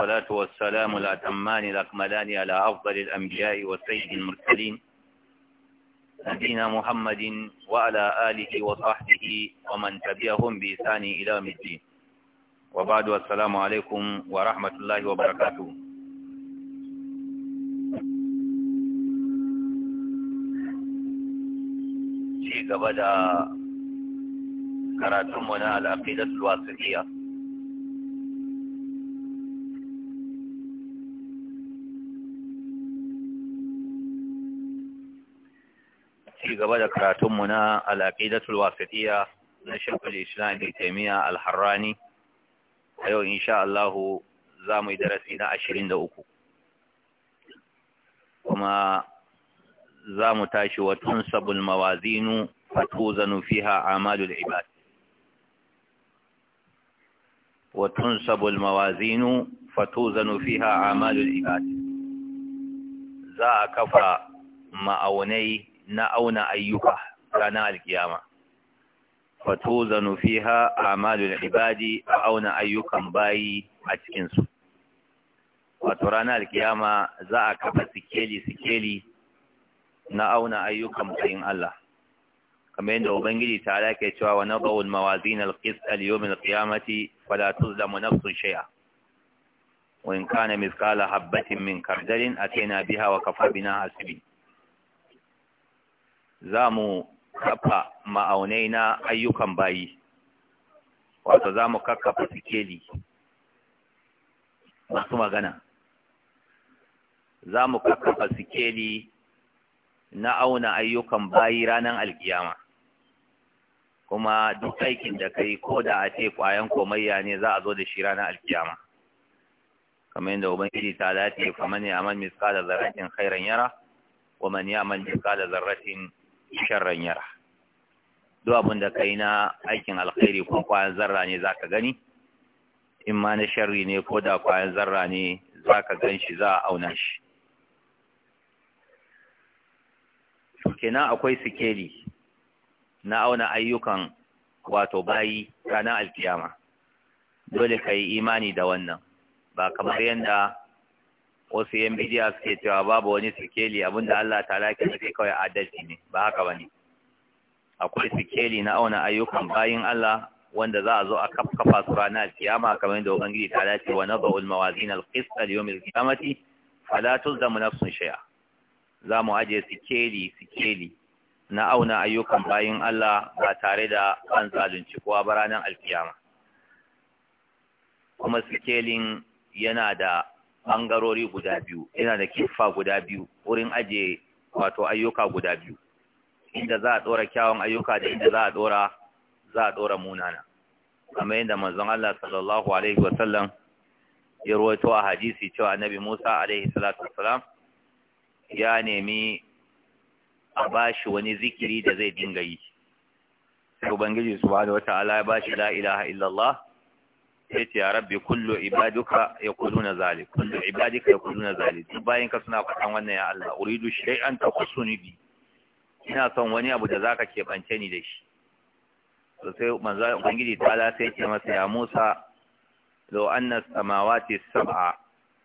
والصلاة والسلام الأتمان الأكملان على أفضل الأنبياء والسيد المرسلين نبينا محمد وعلى آله وصحبه ومن تبعهم بإحسان إلى يوم الدين وبعد والسلام عليكم ورحمة الله وبركاته شيء بدأ karatunmu na al'aƙidatul gaba da karatunmu na al'aƙidatul wasatiyya na shekul islam da taimiyya al a yau insha Allah za mu yi darasi na ashirin da uku. kuma za mu tashi wa tunsabul mawazinu fatuzanu fiha amalul ibad wa tunsabul mawazinu fatuzanu fiha amalul ibad za a kafa ma'aunai na auna ayyuka ranar alkiyama fatuzanu fiha amalul ibadi a auna ayyukan bayi a cikinsu wato ranar alkiyama za a kafa sikeli-sikeli na auna ayyukan bayin Allah kamar yadda ubangiji ta alaƙa cewa wa nabawul mawazin alqist al-yawmin al-qiyamati fala tuzlamu nafsun shay'a wa in kana mithqala habatin min kardalin ataina biha wa kafa bina hasibin za mu kafa ma'aunai na ayyukan bayi wato za mu kakkafa sikeli masu magana za mu kakkafa sikeli na auna ayyukan bayi ranar alkiyama kuma duk aikin da kai ko da a ce kwayan komayya ne za a zo da shi ranar alkiyama kamar yadda iri ta dace a man miska da zarafin khairan yara wa man ya amal miskala zarratin sharran yara duk abin da kai na aikin alkhairi ko kwayan zarra ne za ka gani in ma na sharri ne ko da kwayan zarra ne ka gan shi za a auna shi kenan akwai sikeli na auna ayyukan wato bayi ranar alkiyama dole ka yi imani da wannan ba kamar yadda wasu yan bidiya suke cewa babu wani sikeli abinda Allah ta lake suke kawai adalci ne ba haka ba ne akwai sikeli na auna ayyukan bayin Allah wanda za a zo a kafa su ranar kiyama kamar yadda ubangiji ta lake wa naba ul mawazin al qist al yawm al qiyamati fala tuzlamu nafsun shay'a za mu aje sikeli sikeli na auna ayyukan bayin Allah ba tare da an zalunci kowa ba ranar alkiyama kuma sikelin yana da bangarori guda biyu yana da kifa guda biyu wurin aje wato ayyuka guda biyu inda za a dora kyawun ayyuka da inda za a dora za a dora munana kamar yadda manzon Allah sallallahu alaihi wasallam ya ruwaito a hadisi cewa annabi Musa alaihi salatu wasalam ya nemi a bashi wani zikiri da zai dinga yi Ubangiji subhanahu wataala ya bashi la ilaha illallah sai ce ya rabbi kullu ibaduka yaquluna zalik kullu ibadika yaquluna zalik duk bayan ka suna faɗan wannan ya Allah uridu shay'an taqussuni bi ina son wani abu da zaka keɓance ni da shi to sai manzo ubangiji ta'ala sai ce masa ya Musa law anna samawati sab'a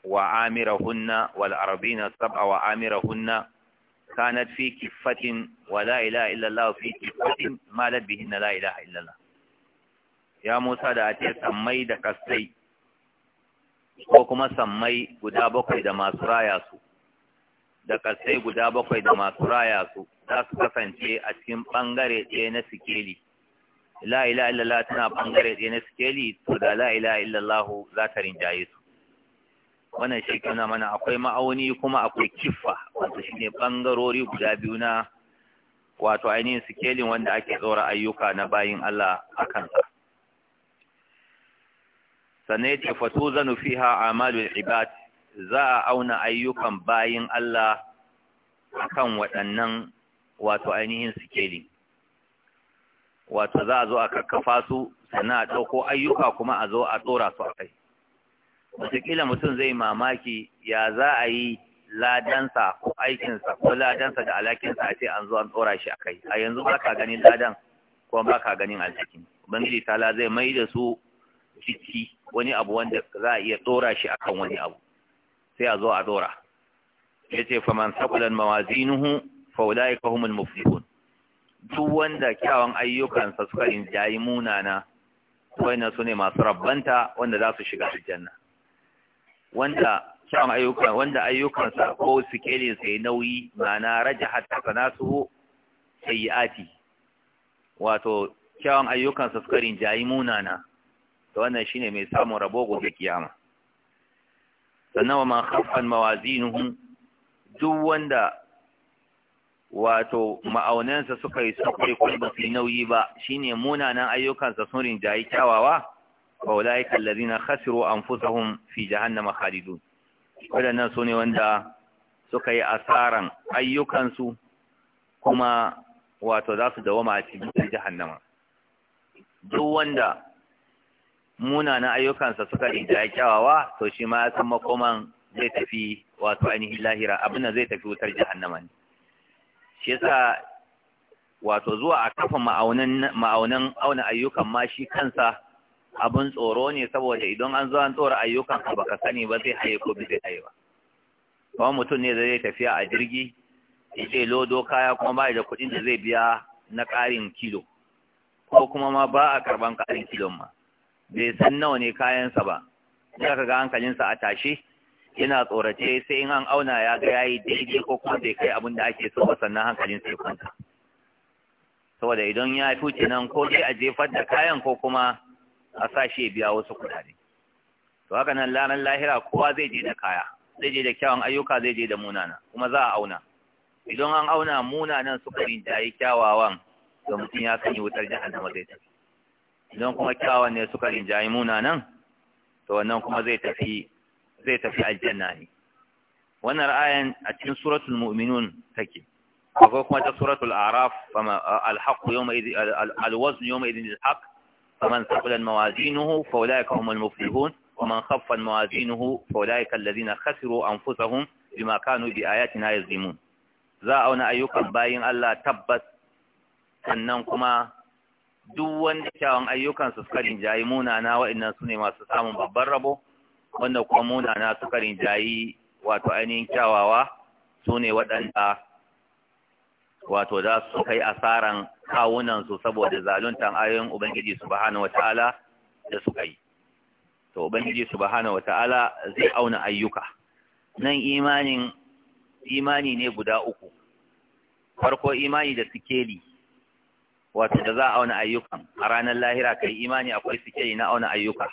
wa amirahunna wal ardina sab'a wa amirahunna kanat fi kiffatin wa la ilaha illa Allah fi kiffatin ma labihinna la ilaha illa Allah ya Musa da ake sammai da kasai ko kuma sammai guda bakwai da masu raya su da kasai guda bakwai da masu raya su za su kasance a cikin ɓangare ɗaya na sikeli la ilaha illallah tana ɓangare ɗaya na sikeli to da la ilaha illallah za ta rinjaye su wannan shi kuna mana akwai ma'auni kuma akwai kiffa wato shine ɓangarori guda biyu na wato ainihin sikelin wanda ake tsora ayyuka na bayin Allah a kansa sannan ya ce ha ha amalul ibad za a auna ayyukan bayin Allah kan waɗannan wato ainihin sikeli wato za a zo a kakkafa su sannan a ɗauko ayyuka kuma a zo a tsora su a kai wataƙila mutum zai mamaki ya za a yi ladansa ko aikinsa ko ladansa da alakinsa a ce an zo an tsora shi a kai a yanzu ba ka ganin ladan kuma ba ka ganin alhakin ubangiji tala zai mai da su jiki wani abu wanda za a iya dora shi akan wani abu sai a zo a dora yace faman saqulan mawazinuhu faulaika humul muflihun duk wanda kyawun ayyukansa suka rinjayi munana wannan sune masu rabbanta wanda za su shiga aljanna wanda kyawun ayyukan wanda ayyukansa ko sikelin sai nauyi mana raja ma'ana rajahat hasanatuhu sayyiati wato kyawun ayyukansa suka rinjayi munana to wannan shi ne mai samun rabo gobe kiyama sannan wa man khaffan duk wanda wato ma'aunansa suka yi sakwai kuma su nauyi ba shine munanan ayyukansa sun rinjayi kyawawa Ba kallari na allazina an fusahun fi jahannama khalidun wadannan ne wanda suka yi asaran ayyukansu kuma wato za su dawama a cikin jahannama duk wanda munana ayyukansa suka rinjaya kyawawa to shi ma san makoman zai tafi wato ainihin lahira abin zai tafi wutar jahannama ne shi yasa wato zuwa a kafa ma'aunan ma'aunan auna ayyukan ma shi kansa abin tsoro ne saboda idan an zo an tsora ayyukan ka baka sani ba zai haye ko bai haye ba kuma mutum ne zai tafiya a jirgi yace lodo kaya kuma ba da kuɗin da zai biya na ƙarin kilo ko kuma ma ba a karban ƙarin kilon ma bai san nawa ne kayansa ba ya ka ga hankalinsa a tashe yana tsorace sai in an auna ya ga yayi daidai ko kuma bai kai abin da ake so ba sannan hankalin sai kwanta saboda idan ya fice nan ko dai a jefar da kayan ko kuma a sa shi biya wasu kuɗaɗe to haka nan ranar lahira kowa zai je da kaya zai je da kyawun ayyuka zai je da munana kuma za a auna idan an auna munanan suka rinjaye kyawawan to mutum ya sanya wutar da zai tafi idan kuma kyawun ne suka rinjayi munanan to wannan kuma zai tafi zai tafi aljanna ne wannan ra'ayan a cikin suratul mu'minun take akwai kuma ta suratul araf alhaq yawma idin alwazn yawma idin alhaq faman thaqulat mawazinuhu fa ulaika humul muflihun ومن خف موازينه فأولئك الذين خسروا أنفسهم بما كانوا بآياتنا يظلمون za a auna ayyukan bayin Allah tabbas sannan kuma duk wanda kyawun ayyukansu suka rinjayi munana wa'annan su ne masu samun babban rabo wanda kuma munana suka rinjayi wato ainihin kyawawa su ne waɗanda wato za su kai asaran kawunansu saboda zaluntan ayoyin Ubangiji subhanahu wata'ala da suka yi. To, Ubangiji subhanahu wata'ala zai auna ayyuka. Nan imanin imani ne guda uku, farko imani da sikeli wato da za a auna ayyukan a ranar lahira kai imani akwai sikeli na auna ayyuka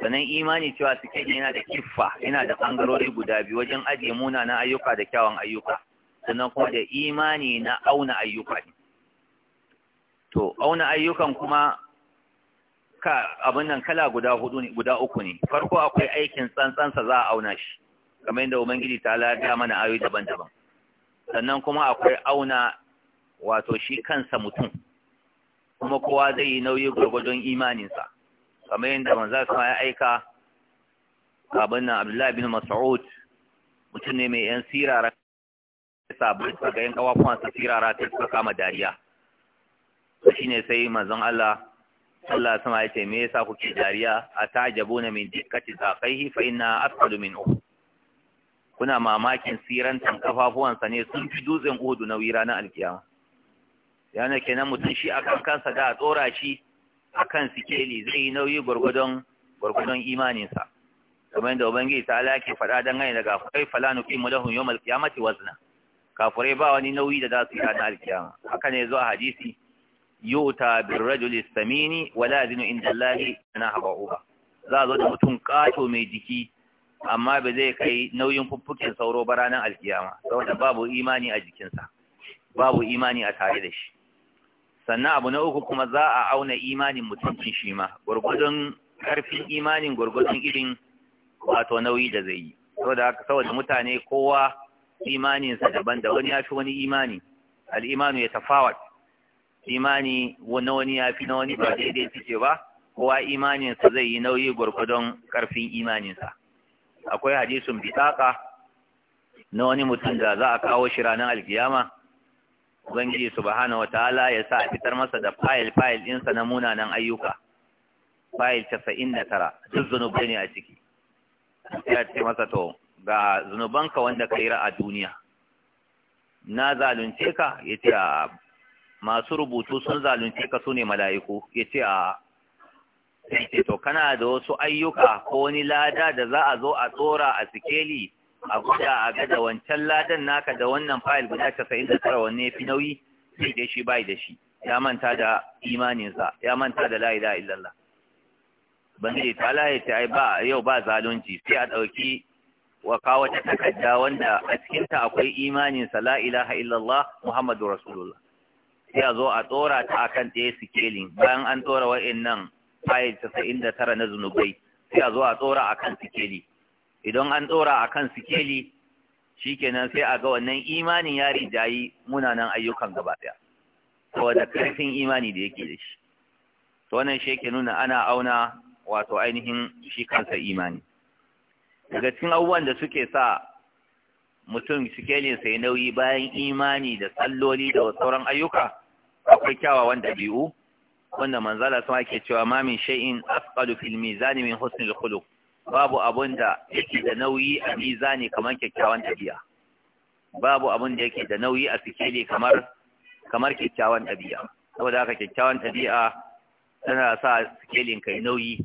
sannan imani cewa sikeli yana da kiffa yana da bangarori guda biyu wajen ajiye na ayyuka da kyawun ayyuka sannan kuma da imani na auna ayyuka ne to auna ayyukan kuma ka abin nan kala guda hudu ne guda uku ne farko akwai aikin tsantsansa za a auna shi kamar yadda ubangiji ta lada mana ayoyi daban-daban sannan kuma akwai auna wato shi kansa mutum kuma kowa zai yi nauyi gwargwadon imaninsa kamar yadda manzo sama ya aika abin nan Abdullahi bin Mas'ud mutum ne mai yan sirara ta ga yan kawafuwan sa sirara ta suka kama dariya ne sai mazan Allah Allah sama ya ce me yasa kuke dariya A ta atajabuna min dikkati kai hifa ina afdalu min uku kuna mamakin siranta kafafuwansa ne sun fi dutsen na wira na alkiyama ya kenan mutum shi a kan kansa da a tsora shi a kan sikeli zai yi nauyi gwargwadon gwargwadon imaninsa kamar yadda ubangiji ta ala ke faɗa don gani daga kai falanu fi mulahun yau malkiyamati wazna kafurai ba wani nauyi da za su yi ranar alkiyama haka ne zuwa hadisi yuta bin rajul samini wala zinu inda lahi na Uba. za a zo da mutum ƙato mai jiki amma ba zai kai nauyin fuffukin sauro ba ranar alkiyama saboda babu imani a jikinsa babu imani a tare da shi sannan abu na uku kuma za a auna imanin mutuncin shi ma gwargwadon karfin imanin gwargwadon irin wato nauyi da zai yi saboda mutane kowa imaninsa daban da wani ya fi wani imani al'imanu ya tafawar imani na wani ya fi na wani ba daidai suke ba kowa imaninsa zai yi nauyi gwargwadon karfin imaninsa akwai hadisun bitaka na wani mutum da za a kawo shi ranar alkiyama ubangiji subhanahu wataala ya sa a fitar masa da fayil fayil ɗinsa na munanan ayyuka fayil casa'in da tara duk zunubai ne a ciki ya ce masa to ga zunubanka wanda ka yi a duniya na zalunce ka ya ce a masu rubutu sun zalunce ka su ne mala'iku ya ce a ce to kana da wasu ayyuka ko wani lada da za a zo a tsora a sikeli a guda a ga da wancan ladan naka da wannan fayil guda casa'in da tara wanne fi nauyi sai dai shi bai da shi ya manta da imaninsa ya manta da la ilaha illallah Ban bangare ta la ta ai ba yau ba zalunci sai a ɗauki wa kawo ta takarda wanda a cikinta akwai imaninsa la ilaha illallah muhammadu rasulullah sai a zo a tsora ta akan ɗaya sikelin bayan an tsora wa'in nan fayil casa'in da tara na zunubai sai a zo a tsora akan sikeli idan an ɗora a kan sikeli shi kenan sai a ga wannan imanin ya rijayi munanan ayyukan gaba ɗaya saboda ƙarfin imani da yake da shi to wannan shi yake nuna ana auna wato ainihin shi kansa imani daga cikin abubuwan da suke sa mutum sikelin sai nauyi bayan imani da salloli da sauran ayyuka akwai kyawawan dabi'u, wanda manzala sama ke cewa mamin min shay'in asqalu fil mizani min husnil babu abun da yake da nauyi a mizani kamar kyakkyawan tafiya babu abun da yake da nauyi a sikeli kamar kamar kyakkyawan tafiya saboda haka kyakkyawan tafiya tana sa sikelin kai nauyi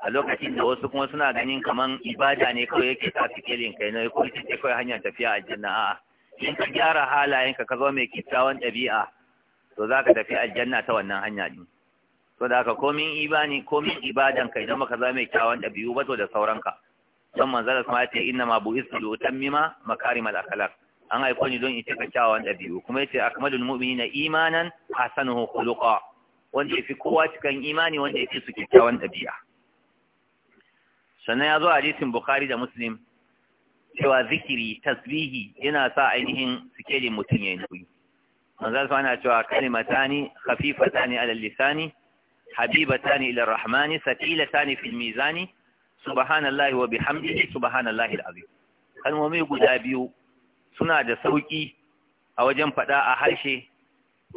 a lokacin da wasu kuma suna ganin kaman ibada ne kawai yake sa sikelin kai nauyi ko ita ce kawai hanyar tafiya a janna. a'a in ka gyara halayenka ka zama mai kyakkyawan ɗabi'a to za ka tafi aljanna ta wannan hanya ne so da haka komin ibani komin ibadan kai da maka zama mai kyawun dabi'u ba to da sauranka don manzara sama ya ce inna ma bu'istu li utammima makarimal akhlaq an aiko ni don in cika kyawun dabi'u kuma yace akmalul mu'minina imanan hasanuhu khuluqa wanda fi kowa cikin imani wanda ya fi su kyakkyawan dabi'a sannan ya zo hadisin bukhari da muslim cewa zikiri tasbihi yana sa ainihin sikelin mutum ya yi nauyi manzala sama yana cewa kalimatani khafifatani ala lisani habibatani ila rahmani saqilatani fil mizani subhanallahi wa bihamdihi subhanallahi alazim kalmomi guda biyu suna da sauki a wajen fada a harshe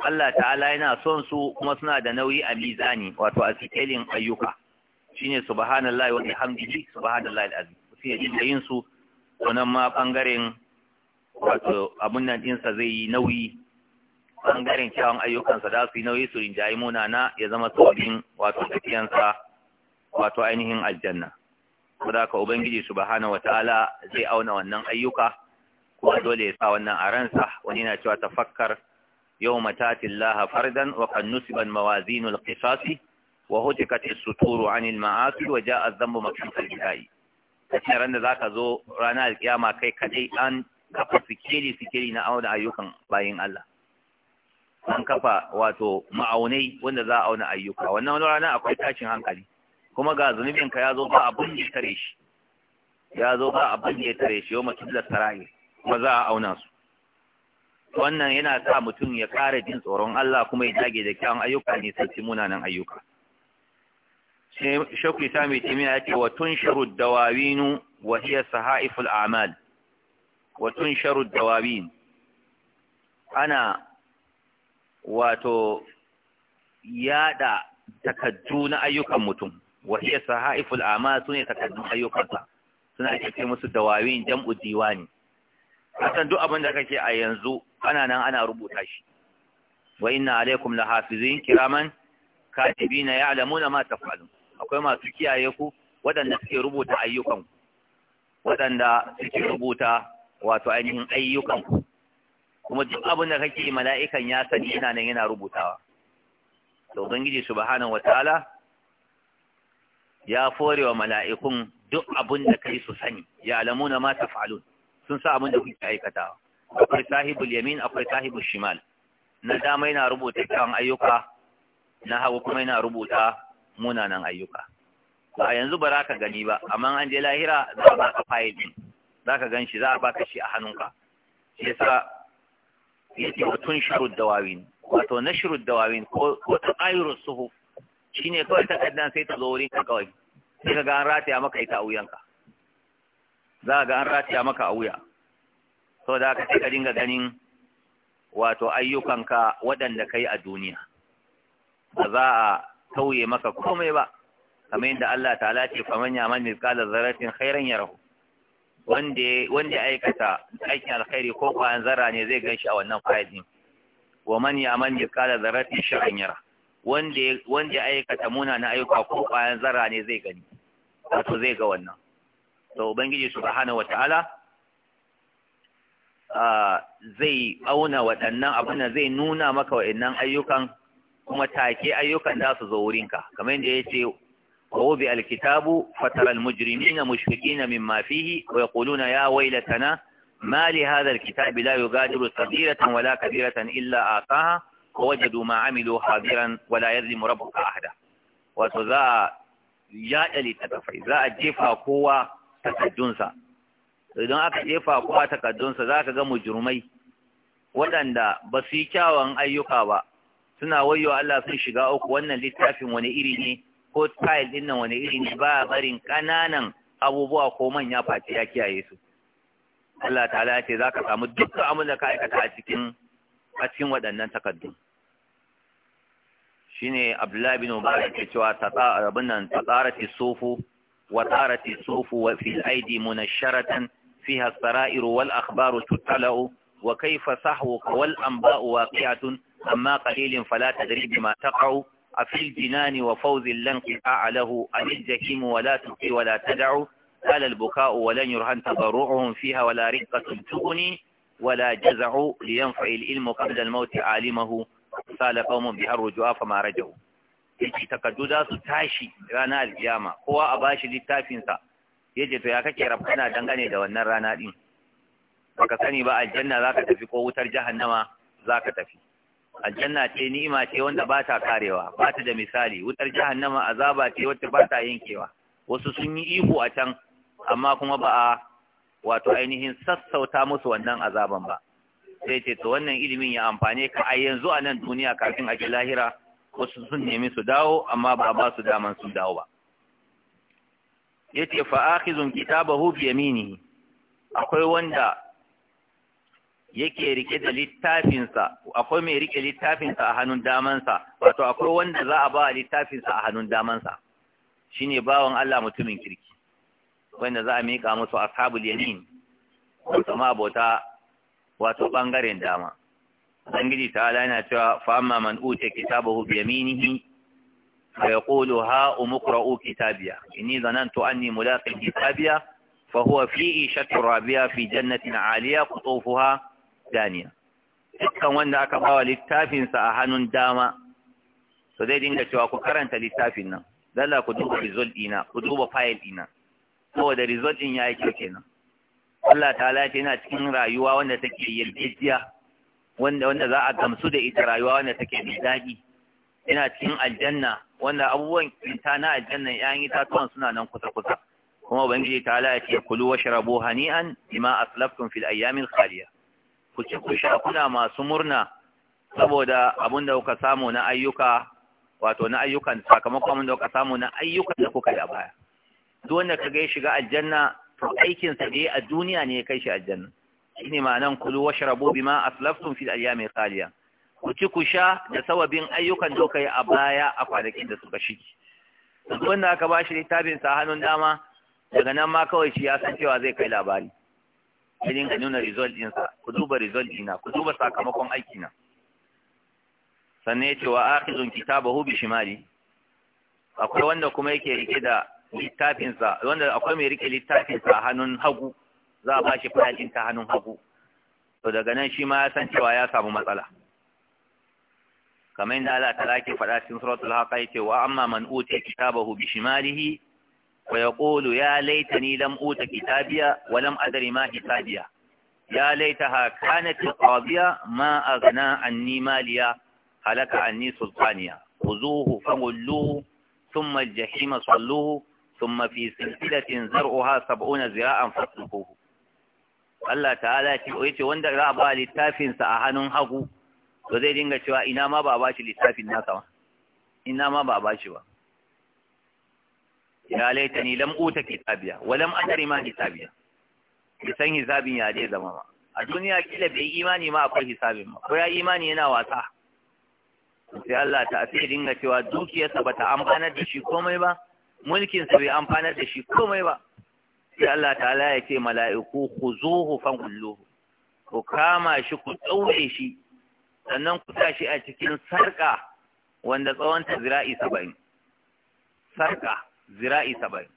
Allah ta'ala yana son su kuma suna da nauyi a mizani wato a sikelin ayyuka shine subhanallahi wa bihamdihi subhanallahi alazim sai ya yin su wannan ma bangaren wato abun nan dinsa zai yi nauyi ɓangaren kyawun ayyukansa za su yi nauyi su rinjayi munana ya zama sabbin wato tafiyansa wato ainihin aljanna saboda ka ubangiji subhanahu wataala zai auna wannan ayyuka kuma dole ya sa wannan a ransa wani na cewa tafakkar يوم تاتي الله فردا وقد نسب الموازين القصاص وهتكت السطور عن المعاصي وجاء الذنب مكشوف الجزاء kace ran da zaka zo ranar alƙiyama kai kadai an kafa sikeli sikeli na auna ayyukan bayin Allah an kafa wato ma'aunai wanda za a auna ayyuka wannan wani rana akwai tashin hankali kuma ga zunubin ka ya zo ba abin da tare shi ya zo ba abin da tare shi yau makilla da kuma za a auna su wannan yana sa mutum ya kare jin tsoron Allah kuma ya dage da kyawun ayyuka ne sai munanan ayyuka shekku isa mai timiya ya ce wa tun sharu dawawinu wa hiya sahaiful amal wa tun sharu dawawin ana wato yada takaddu na ayyukan mutum wa hiya sahaiful ama sune takaddun ayyukansa suna kike musu dawawin jam'u diwani akan duk abin da kake a yanzu ana nan ana rubuta shi wa inna alaikum lahafizin kiraman katibina ya'lamuna ma taf'alun akwai masu kiyaye ku waɗanda suke rubuta ayyukan waɗanda suke rubuta wato ainihin ayyukan ku kuma duk abin da kake mala'ikan ya sani ina nan yana rubutawa to ubangiji subhanahu wataala ya fore wa mala'ikun duk abin da kai su sani ya alamuna ma taf'alun sun sa abin da kuke aikatawa akwai sahibul yamin akwai sahibul shimal na dama yana rubuta kan ayyuka na hagu kuma yana rubuta munanan ayyuka ba yanzu ba za ka gani ba amma an je lahira za a baka fayil din za ka gan shi za a baka shi a hannunka shi yasa yake tun shiru dawawin wato na shiru dawawin ko ta ƙayiru suhu shi ne kawai takardar sai ta zo wurin ka kawai sai ka ga an rataya maka ita a wuyanka za ka ga an rataya maka a wuya sau da aka sai ka dinga ganin wato ayyukanka waɗanda ka yi a duniya ba za a tauye maka komai ba kamar yadda Allah ta ce faman yaman mizqala zaratin khairan yarahu wanda ya aikata aikin alkhairi ko kwayan zara ne zai gan shi a wannan fayil wa man ya'mal mithqala dharratin sharran yara wanda wanda aikata munana ayyuka ko kwayan zara ne zai gani wato zai ga wannan to ubangiji subhanahu wataala zai auna waɗannan abin da zai nuna maka waɗannan ayyukan kuma take ayyukan za su zo wurinka kamar yadda ya ce ووضع الكتاب فترى المجرمين مشفقين مما فيه ويقولون يا ويلتنا ما لهذا الكتاب لا يغادر صغيرة ولا كبيرة إلا آتاها ووجدوا ما عملوا حاضرا ولا يظلم ربك أحدا وتذا يا لي تتفعي ذا الجفا قوة تتجنسا idan aka jefa kowa takaddunsa za ka ga mujrumai waɗanda ba su yi kyawun ayyuka ba suna wayo Allah sun shiga uku wannan littafin wani iri ne ko tile din nan wani iri ne ba barin ƙananan abubuwa ko manya face ya kiyaye su Allah ta'ala ya ce za ka samu dukkan abin da ka aikata a cikin a cikin waɗannan Shi shine Abdullahi bin Mubarak ke cewa tsara abin nan tsarati sufu wa tsarati sufu wa fil aidi munasharatan fiha as-sara'ir wal akhbaru tuttala'u wa kayfa sahwuka wal wa waqi'atun amma qalilin fala tadri bima taqau أفي الجنان وفوز لن قطاع له أن الجحيم ولا تقي ولا تدع قال البكاء ولن يرهن تضرعهم فيها ولا رقة تغني ولا جزع لينفع العلم قبل الموت عالمه قال قوم بها الرجوع فما رجعوا yake takaddu za su tashi rana alkiyama kowa a bashi littafinsa yace to ya kake rabkana dangane da wannan rana din baka sani ba aljanna zaka tafi ko wutar jahannama zaka tafi aljanna ce ni'ima ce wanda ba ta karewa ba ta da misali wutar jahannama azaba ce wacce ba ta yankewa wasu sun yi ihu a can amma kuma ba a wato ainihin sassauta musu wannan azaban ba sai ce to wannan ilimin ya amfane ka a yanzu a nan duniya kafin a ji lahira wasu sun nemi su dawo amma ba ba su daman su dawo ba yace fa akhizun kitabahu bi yaminihi akwai wanda yake rike da littafinsa akwai mai rike littafinsa a hannun damansa wato akwai wanda za a ba littafinsa a hannun damansa shine bawan Allah mutumin kirki wanda za a mika musu ashabul yamin wato ma bota wato bangaren dama ubangiji ta ala yana cewa fa amma man uta kitabahu bi yaminihi fa yaqulu ha umqra'u kitabiya inni zanantu anni mulaqin kitabiya fa huwa fi ishatin rabiya fi jannatin aliya qutufuha daniya dukkan wanda aka bawa littafinsa a hannun dama to zai dinga cewa ku karanta littafin nan lalla ku duba result ɗina ku duba file ɗina saboda result ɗin ya yi kyau kenan Allah ta'ala ce yana cikin rayuwa wanda take yarjejiya wanda wanda za a gamsu da ita rayuwa wanda take da daɗi yana cikin aljanna wanda abubuwan kinta na aljanna ‘ya'yan itatuwan suna nan kusa-kusa kuma ubangiji ta'ala ya ce kulu wa sharabu hani'an bima aslaftum fil ayyamin khaliya ku ci ku sha kuna masu murna saboda abin da kuka samu na ayyuka wato na ayyukan sakamakon abin da kuka samu na ayyukan da kuka yi a baya duk wanda kaga ya shiga aljanna to aikin sa dai a duniya ne ya kai shi aljanna shine ma'anan kulu washrabu bima aslaftum filaya ayyami khaliya ku ci ku sha da sawabin ayyukan da kuka yi a baya a kwanakin da suka shige duk wanda aka bashi littafin sa hannun dama daga nan ma kawai shi ya san cewa zai kai labari ya dinga nuna result ɗinsa ku duba result ɗina ku duba sakamakon aiki na sannan ya ce wa akhizun kitabahu bi akwai wanda kuma yake rike da littafinsa wanda akwai mai rike littafinsa a hannun hagu za a bashi fadin ta hannun hagu to daga nan shi ma ya san cewa ya samu matsala kamar yadda Allah ta lake faɗa cikin suratul haqa ce wa amma man uti kitabahu bi ويقول يا ليتني لم أوت كتابيا ولم أدر ما حسابيا يا ليتها كانت القاضية ما أغنى عني ماليا هلك عني سلطانيا خذوه فغلوه ثم الجحيم صلوه ثم في سلسلة زرعها سبعون زراعا فاسلكوه Allah ta'ala ya ce wanda za a ba littafinsa a hannun hagu to zai dinga cewa ina ma ba a ba shi littafin nasa ba ina ma ba a ba shi ba ya laitani lam uta kitabiya wa lam adri ma kitabiya bisan hisabin ya dai zama ma a duniya kila bai imani ma akwai hisabin ma ko ya imani yana wasa sai Allah ta sai dinga cewa dukiyarsa bata amfanar da shi komai ba mulkin sa bai amfanar da shi komai ba sai Allah ta'ala ya ce mala'iku khuzuhu fanqulluhu ku kama shi ku daure shi sannan ku tashi a cikin sarka wanda tsawon ta zira'i 70 sarka zira'i saba'in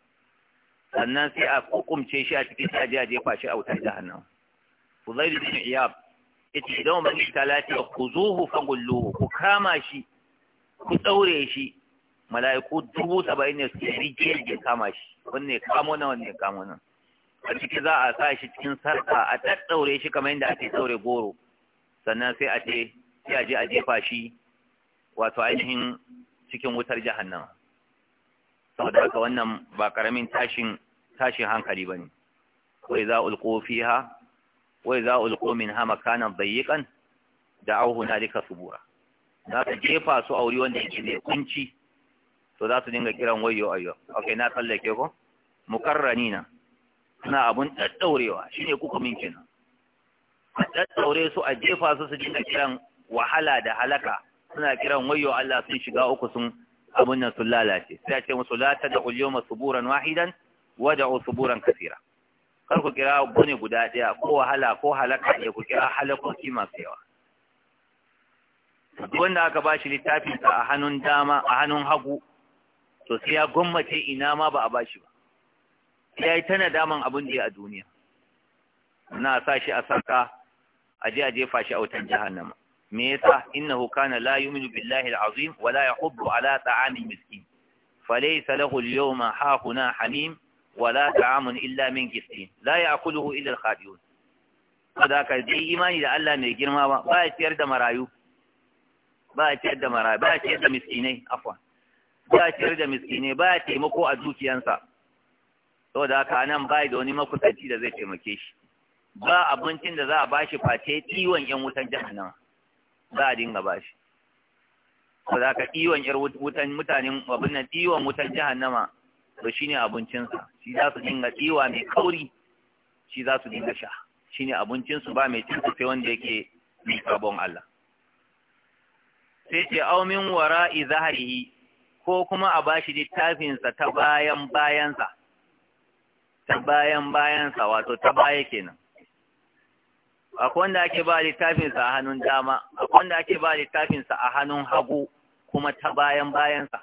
sannan sai a hukumce shi a cikin sai a a jefa shi a wutar jahannama Fudayl bin Iyab yace idan man zuhu fa fagulluhu ku kama shi ku tsaure shi mala'iku dubu saba'in ne su rike ya kama shi wanne kamo na wanne kamo na a ciki za a sa shi cikin sarka a daddaure shi kamar yadda ake tsaure goro sannan sai a ce sai a je a jefa shi wato ainihin cikin wutar jahannama saboda haka wannan ba karamin tashin tashin hankali bane wai za ulqu fiha wai za ulqu minha makanan dayyiqan da'aw hunalika subura za ka jefa su a wuri wanda yake mai kunci to za su dinga kiran wayo ayo okay na tsallake ko mukarranina suna abun daddaurewa shine kukumin kenan a daddaure su a jefa su su dinga kiran wahala da halaka suna kiran wayo Allah sun shiga uku sun abun nan sun lalace sai a ce musu la ta da masu suburan wahidan wada'u suburan kasira kar ku kira bane guda daya ko wahala ko halaka ne ku kira halakoki masu yawa duk wanda aka bashi littafin littafi a hannun dama a hannun hagu to sai ya gwammace ina ma ba a bashi ba sai yi ta daman abin da ya a duniya na sa shi a sarka a je a jefa shi a wutan nama. me yasa innahu kana la yu'minu billahi al-azim wa la yahuddu ala ta'amil miskin falaysa lahu al-yawma hahuna hamim wa la ta'amun illa min gistin la ya'kuluhu illa al-khabiyun saboda ka dai imani da Allah mai girma ba ba ya ciyar da marayu ba ya ciyar da marayu ba ya ciyar da miskinai afwan ba ya ciyar da miskinai ba ya taimako a dukiyansa saboda haka anan ba da wani makusanci da zai taimake shi ba abincin da za a bashi face tiwon yan wutan jahannama za a dinga bashi ko za ka ɗiwon ƴar wutan mutanen abin nan ɗiwon wutan jahannama to shine abincinsa shi za su dinga ɗiwa mai kauri shi za su dinga sha shine abincinsu ba mai cin sai wanda yake mai sabon Allah sai ce aumin wara'i zaharihi ko kuma a bashi littafinsa ta bayan bayansa ta bayan bayansa wato ta baya kenan akwai wanda ake ba littafinsa a hannun dama akwai wanda ake ba littafinsa a hannun hagu kuma ta bayan bayansa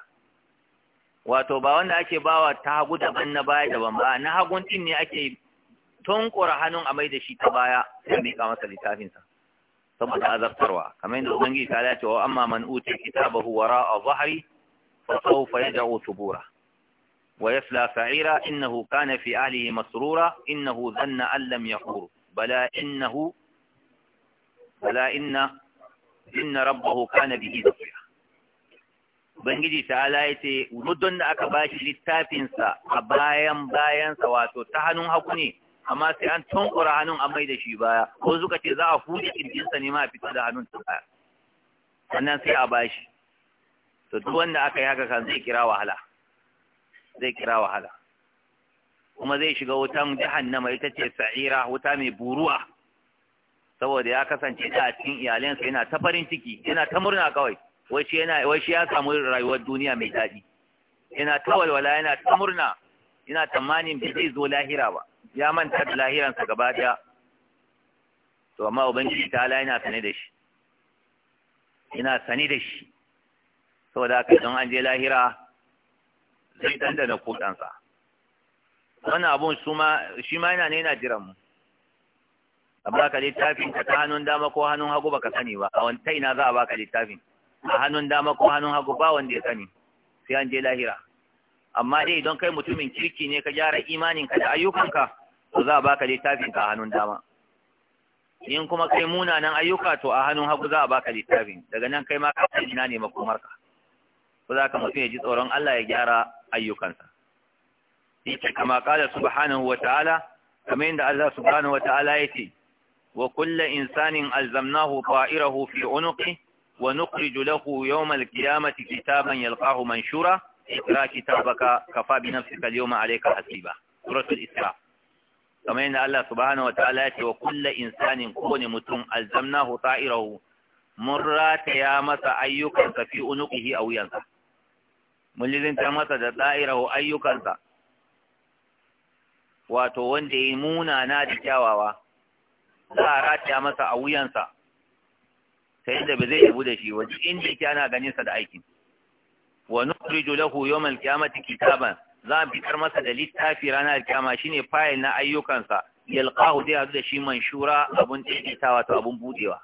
wato ba wanda ake bawa ta hagu daban na baya daban ba na hagun din ne ake tunkura hannun a mai da shi ta baya sai mika masa littafinsa saboda azabtarwa kamar yadda ubangiji ta dace wa amma man uti kitabahu wara'a dhahri fa sawfa yad'u thubura wa yasla sa'ira innahu kana fi ahlihi masrura innahu zanna an ya yahur bala innahu bala إن إن ربه كان به basira ubangiji ta'ala ce, muddon da aka bashi littafin sa a bayan bayan wato ta hannun hagu ne amma sai an tunkura hannun a mai da shi baya ko suka ce za a huɗe ƙirƙinsa ne ma a fito da hannun ta baya sannan sai a bashi to duk wanda aka yi haka kan zai kira wahala zai kira wahala kuma zai shiga wutan jahannama ita ce sa'ira wuta mai buruwa saboda ya kasance da a cikin iyalinsa yana ta farin ciki yana ta murna kawai wai shi yana wai shi ya samu rayuwar duniya mai daɗi yana ta walwala yana ta murna yana tamanin bai zai zo lahira ba ya manta da lahiransa gaba ɗaya to amma ubangiji ta ala yana sane da shi yana sane da shi saboda haka don an je lahira zai dandana kuɗansa wannan abun shi ma yana ne yana jiran mu a baka littafin ka ta hannun dama ko hannun hagu baka sani ba a wani taina za a baka littafin a hannun dama ko hannun hagu ba wanda ya sani sai an je lahira amma dai don kai mutumin kirki ne ka gyara imaninka da ayyukanka to za a baka littafin ka a hannun dama in kuma kai munanan ayyuka to a hannun hagu za a baka littafin daga nan kai ma ka san ina ne makomarka ko za ka mutum ya ji tsoron Allah ya gyara ayyukansa yake kama kala subhanahu wa ta'ala kamar yadda Allah subhanahu wa ta'ala ya ce وكل إنسان ألزمناه طائره في عنقه ونخرج له يوم القيامة كتابا يلقاه منشورا اقرأ كتابك كفى بنفسك اليوم عليك حسيبا سورة الإسراء كما إن الله سبحانه وتعالى وكل إنسان كون متم ألزمناه طائره مرات يا مسا أيك في عنقه أو ينسى mun lizinta masa da tsa'irahu ayyukansa wato wanda ya munana da kyawawa za a rataya masa a wuyansa ta yadda ba zai yabu da shi wajen inda ya ana ganin sa da aikin wa nukhriju lahu yawmal qiyamati kitaban za a fitar masa da littafi ranar shi shine fayil na ayyukansa yalqahu zai hadu da shi manshura abun tsitawa to abun budewa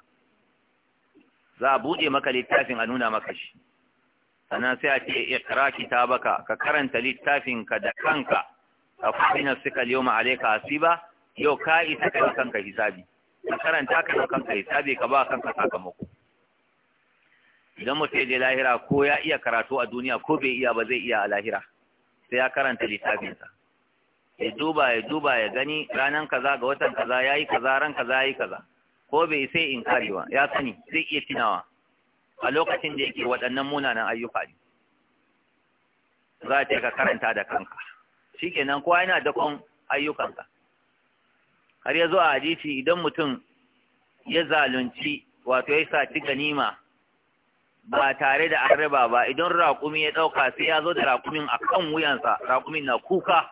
za a bude maka littafin a nuna maka shi sannan sai a ce iqra kitabaka ka karanta littafin ka da kanka a fa'ina suka yawma alayka hasiba yau ka isa yi kanka hisabi ka karanta ka na kanka hisabi ka ba kanka sakamako idan mutum ya je lahira ko ya iya karatu a duniya ko bai iya ba zai iya a lahira sai ya karanta littafinsa ya duba ya duba ya gani ranan kaza ga watan kaza ya yi kaza ran kaza ya yi kaza ko bai sai in karewa ya sani zai iya tunawa a lokacin da yake waɗannan munanan ayyuka ne za ta ka karanta da kanka kenan kowa yana dakon ayyukanka har ya zo a hadisi idan mutum ya zalunci wato ya saci ganima ba tare da an raba ba idan raƙumi ya ɗauka sai ya zo da raƙumin a kan wuyansa Raƙumi na kuka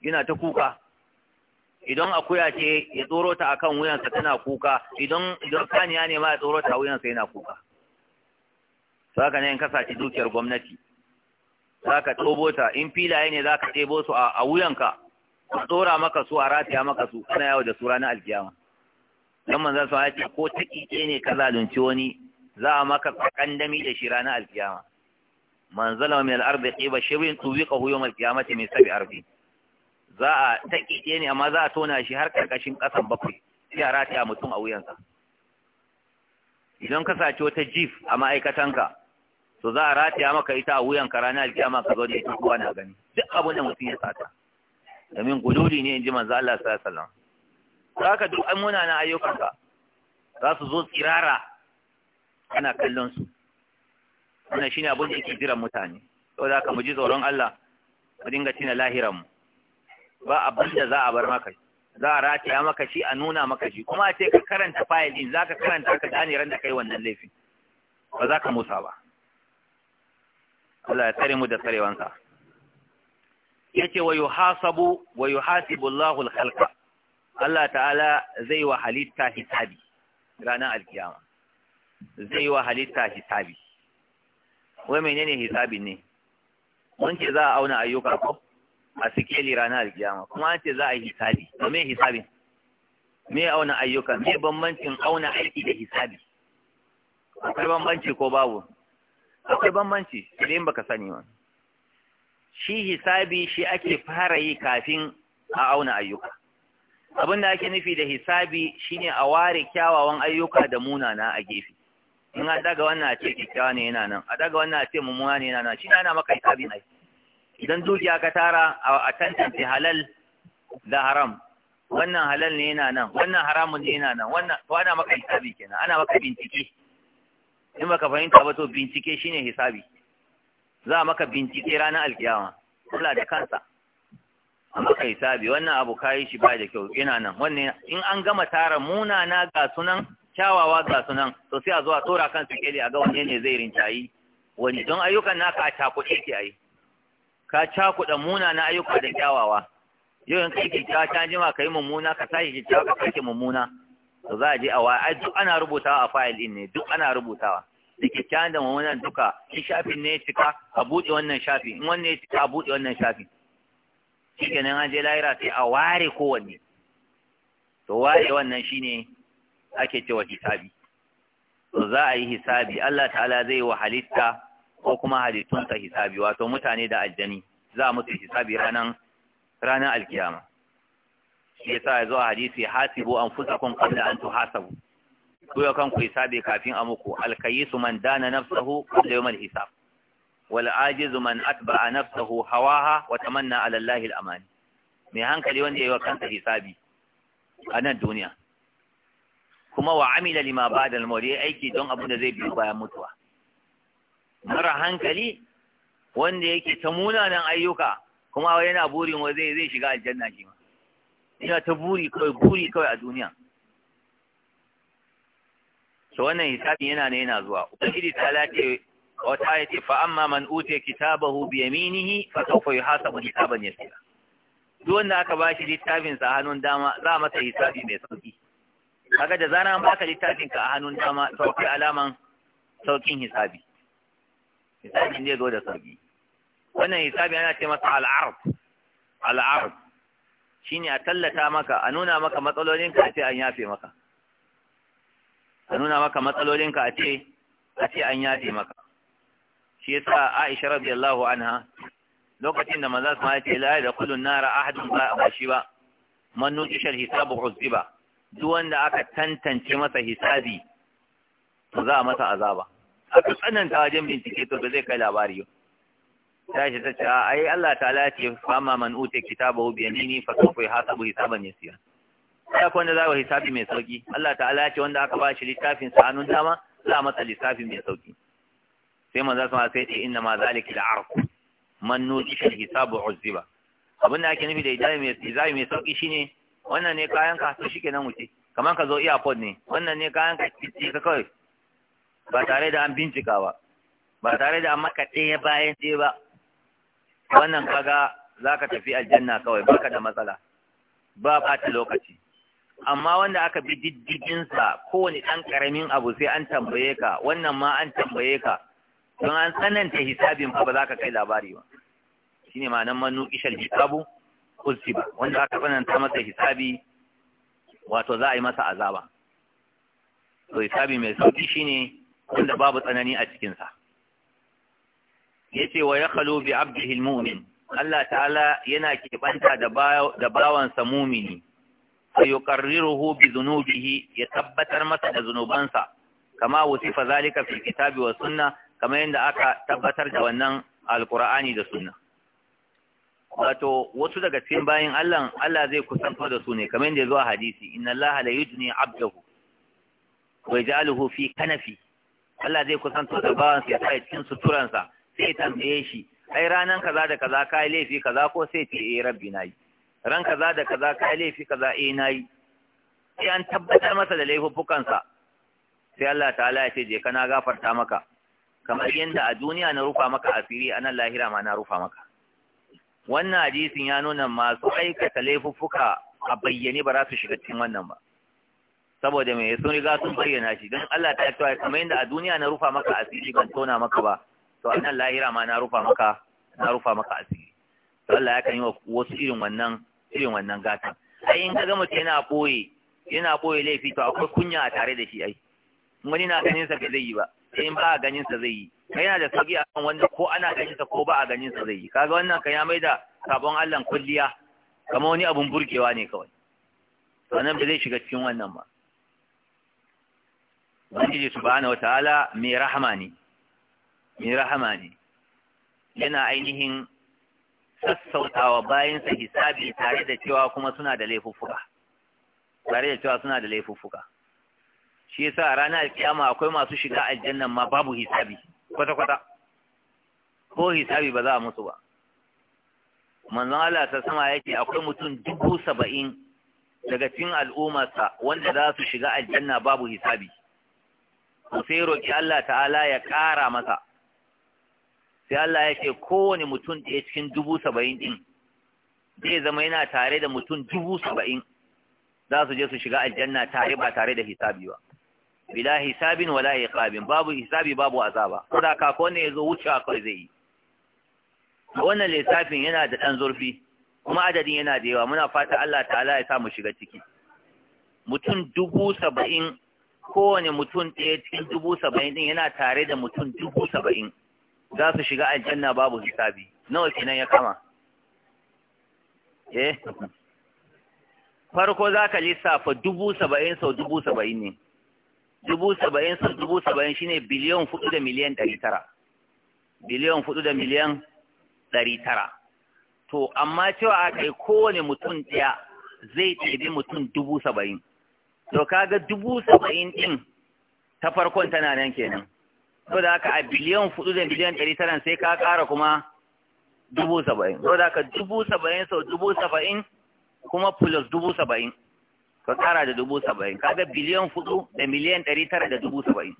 yana ta kuka idan akuya ce ya tsoro ta a kan wuyansa tana kuka idan idan saniya ne ma ya tsoro ta wuyansa yana kuka su haka ne in ka saci dukiyar gwamnati za ka tobo ta in filaye ne za ka ɗebo su a wuyanka a tsora maka su a rataya maka su ana yawo da su ranar alkiyama dan manzon sa ya ce ko ta kike ne ka zalunci wani za a maka dami da shi ranar alkiyama manzala zalama min al-ardi qiba shibrin tuwiqahu yawm al-qiyamati min sabi ardi za a ta kike ne amma za a tona shi har karkashin kasan bakwai sai a rataya mutum a wuyansa idan ka sace wata jif a ma'aikatanka to za a rataya maka ita a wuyanka ranar alkiyama ka zo da ita kowa na gani duk abin da mutum ya sata domin guduri ne in ji manzo Allah sallallahu alaihi wasallam zaka duk an muna na ayyukanka za su zo tsirara Kana kallon su wannan shine abin da yake jiran mutane to da mu ji tsoron Allah mu dinga tina lahiran mu ba abin da za a bar maka za a rataya maka shi a nuna maka shi kuma a ce ka karanta file din zaka karanta ka gane ran da kai wannan laifin ba za ka musa ba Allah ya tsare mu da tsarewansa yake wa yuhasabu wa yuhasibu Allahu al-khalqa Allah ta'ala zai wa halitta hisabi ranar alkiyama zai wa halitta hisabi wai menene hisabi ne mun ce za a auna ayyuka ko a sikeli ranar alkiyama kuma an ce za a yi hisabi to me hisabin me auna ayyuka me bambancin auna aiki da hisabi akwai bambanci ko babu akwai bambanci idan baka sani ba shi hisabi shi ake fara yi kafin a auna ayyuka abin da ake nufi da hisabi shine a ware kyawawan ayyuka da munana a gefe in a daga wannan a ce kyakkyawa ne yana nan a daga wannan a ce mummuna ne yana nan shi ana maka hisabi ne idan dukiya ka tara a tantance halal da haram wannan halal ne yana nan wannan haramun ne yana nan wannan to ana maka hisabi kenan ana maka bincike in baka fahimta ba to bincike shine hisabi za a maka bincike ranar alkiyama kula da kansa a maka hisabi wannan abu kayi shi ba da kyau ina nan wannan in an gama tara na ga sunan kyawawa ga sunan to sai a zo a tora kan kele a ga wanne ne zai rincayi wani don ayyukan naka a cakuɗe ke yi ka cakuɗa na ayyuka da kyawawa yau in kai kyakkyawa ta jima ka yi mummuna ka sake kyakkyawa ka sake mummuna to za a je a wa duk ana rubutawa a fayil ɗin ne duk ana rubutawa da kyakkyawan da wannan duka in shafin ne ya cika a buɗe wannan shafi in wannan ya cika a buɗe wannan shafi kenan an je lahira sai a ware kowanne to ware wannan shine ake cewa hisabi to za a yi hisabi Allah ta'ala zai wa halitta ko kuma ta hisabi wato mutane da aljani za a musu hisabi ranan ranan alkiyama shi yasa ya zo a hadisi hasibu anfusakum qabla an tuhasabu ku kan kanku hisabe kafin a muku alkayisu man dana nafsahu qabla yawm alhisab wal ajizu man atba'a nafsahu hawaha wa tamanna ala allahi al'aman mai hankali wanda yayi wa kansa hisabi a nan duniya kuma wa amila lima ba'da al-maut aiki don abin da zai biyo bayan mutuwa mara hankali wanda yake ta munanan ayyuka kuma yana burin wa zai zai shiga aljanna shi ma Ina ta buri kawai buri kawai a duniya to wannan hisabi yana ne yana zuwa ubangiji ta lace wata ya ce fa amma man ute kitabahu bi yaminihi fa sawfa yuhasabu hisaban yasira duk wanda aka ba shi littafin sa hannun dama za masa hisabi mai sauki kaga da zana an baka littafin ka a hannun dama to akwai alaman saukin hisabi hisabin zai zo da sauki wannan hisabi ana ce masa al'arab al'arab shine a tallata maka a nuna maka matsalolin ka ce an yafe maka Ka nuna maka matsalolinka a ce a ce an yaɗe maka shi yasa Aisha radiyallahu anha lokacin da maza su ma ce la da kullun nara ahadun ba ba shi ba man nuqisha hisabu uziba duk wanda aka tantance masa hisabi to za a masa azaba aka tsananta wajen bincike to ba zai kai labari ta shi ta ce ai Allah ta'ala ce fama man uta kitabahu bi yamini fa sawfa yahasabu hisaban yasira ya kwanda za a hisabi mai sauki Allah ta'ala ya ce wanda aka ba shi littafin sa hannun dama za a matsa lissafin mai sauki sai za su masu ce ina ma da arku man nutika hisabu ba abin da ake nufi da hisabi mai sauki shi ne shine wannan ne kayan ka ke shikenan wuce kamar ka zo pod ne wannan ne kayan ka kici ka kawai ba tare da an bincika ba ba tare da an maka ɗaya bayan ɗaya ba wannan kaga ka tafi aljanna kawai baka da matsala ba ɓata lokaci amma wanda aka bi diddiginsa kowane ɗan ƙaramin abu sai an tambaye ka wannan ma an tambaye ka don an tsananta hisabin fa ba za ka kai labari ba shi ne ma'anar manu ishal hisabu ba. wanda aka tsananta masa hisabi wato za a yi masa azaba to hisabi mai sauki shine wanda babu tsanani a cikinsa ce wa yakhlu bi abdihil Mumin? Allah ta'ala yana kibanta da bawansa mumini fa yuqarriruhu bi dhunubihi ya tabbatar masa da zunubansa kama wasifa zalika fi kitabi wa sunna kama yadda aka tabbatar da wannan alqur'ani da sunna wato wasu daga cikin bayin Allah Allah zai kusanto da su ne kamar yadda zuwa hadisi inna Allah la yujni abdahu wa yaj'aluhu fi kanafi Allah zai kusanto da bawan sa ya cikin suturansa sai tambaye shi ai ranan kaza da kaza kai laifi kaza ko sai ce eh rabbi nayi ran kaza da kaza kai laifi kaza eh nayi sai an tabbatar masa da laifukansa sai Allah ta'ala ya ce je kana gafarta maka kamar yadda a duniya na rufa maka asiri a nan lahira ma na rufa maka wannan hadisin ya nuna masu aikata laifuka a bayyane ba za su shiga cikin wannan ba saboda me sun riga sun bayyana shi don Allah ta ce kamar yadda a duniya na rufa maka asiri ban tona maka ba to a nan lahira ma na rufa maka na rufa maka asiri Allah ya kan yi wa wasu irin wannan irin wannan gata ai in ka ga mutum yana boye yana boye laifi to akwai kunya a tare da shi ai wani na ganin sa zai yi ba in ba a ganin sa zai yi kai yana da sauki kan wanda ko ana ganin sa ko ba a ganin sa zai yi kaga wannan kan ya maida sabon Allah kulliya kamar wani abun burkewa ne kawai wannan ba zai shiga cikin wannan ba Ubangiji subhanahu wataala mai rahama ne mai rahama ne yana ainihin sassautawa bayansa hisabi tare da cewa kuma suna da laifuffuka tare da cewa suna da laifuffuka shi yasa a ranar alkiyama akwai masu shiga aljannan ma babu hisabi kwata-kwata ko hisabi ba za a musu ba manzon Allah ta sama yake akwai mutum dubu saba'in daga cikin al'ummarsa wanda za su shiga aljanna babu hisabi sai roƙi Allah ta'ala ya ƙara masa sai Allah ya ce kowane mutum ɗaya cikin dubu saba'in ɗin zai zama yana tare da mutum dubu saba'in za su je su shiga aljanna tare ba tare da hisabi ba bila hisabin wala iqabin babu hisabi babu azaba Ko da ko ne zo wucewa kai zai yi wannan lissafin yana da ɗan zurfi kuma adadin yana da yawa muna fata Allah ta'ala ya sa mu shiga ciki mutum dubu saba'in kowane mutum ɗaya cikin dubu saba'in ɗin yana tare da mutum dubu saba'in za su shiga aljanna babu hisabi nawa kenan ya kama eh farko zaka ka lissafa dubu saba'in sau dubu ne dubu sau dubu shine biliyan 4 da miliyan ɗari biliyan 4 da miliyan ɗari to amma cewa a kai kowane mutum ɗaya zai ɗebi mutum dubu saba'in to kaga dubu saba'in ɗin ta farkon tana nan kenan so da haka a biliyan hudu da biliyan ɗari tara sai ka ƙara kuma dubu saba'in so da haka dubu saba'in sau dubu saba'in kuma plus dubu saba'in ka ƙara da dubu saba'in kaga biliyan hudu da miliyan ɗari tara da dubu saba'in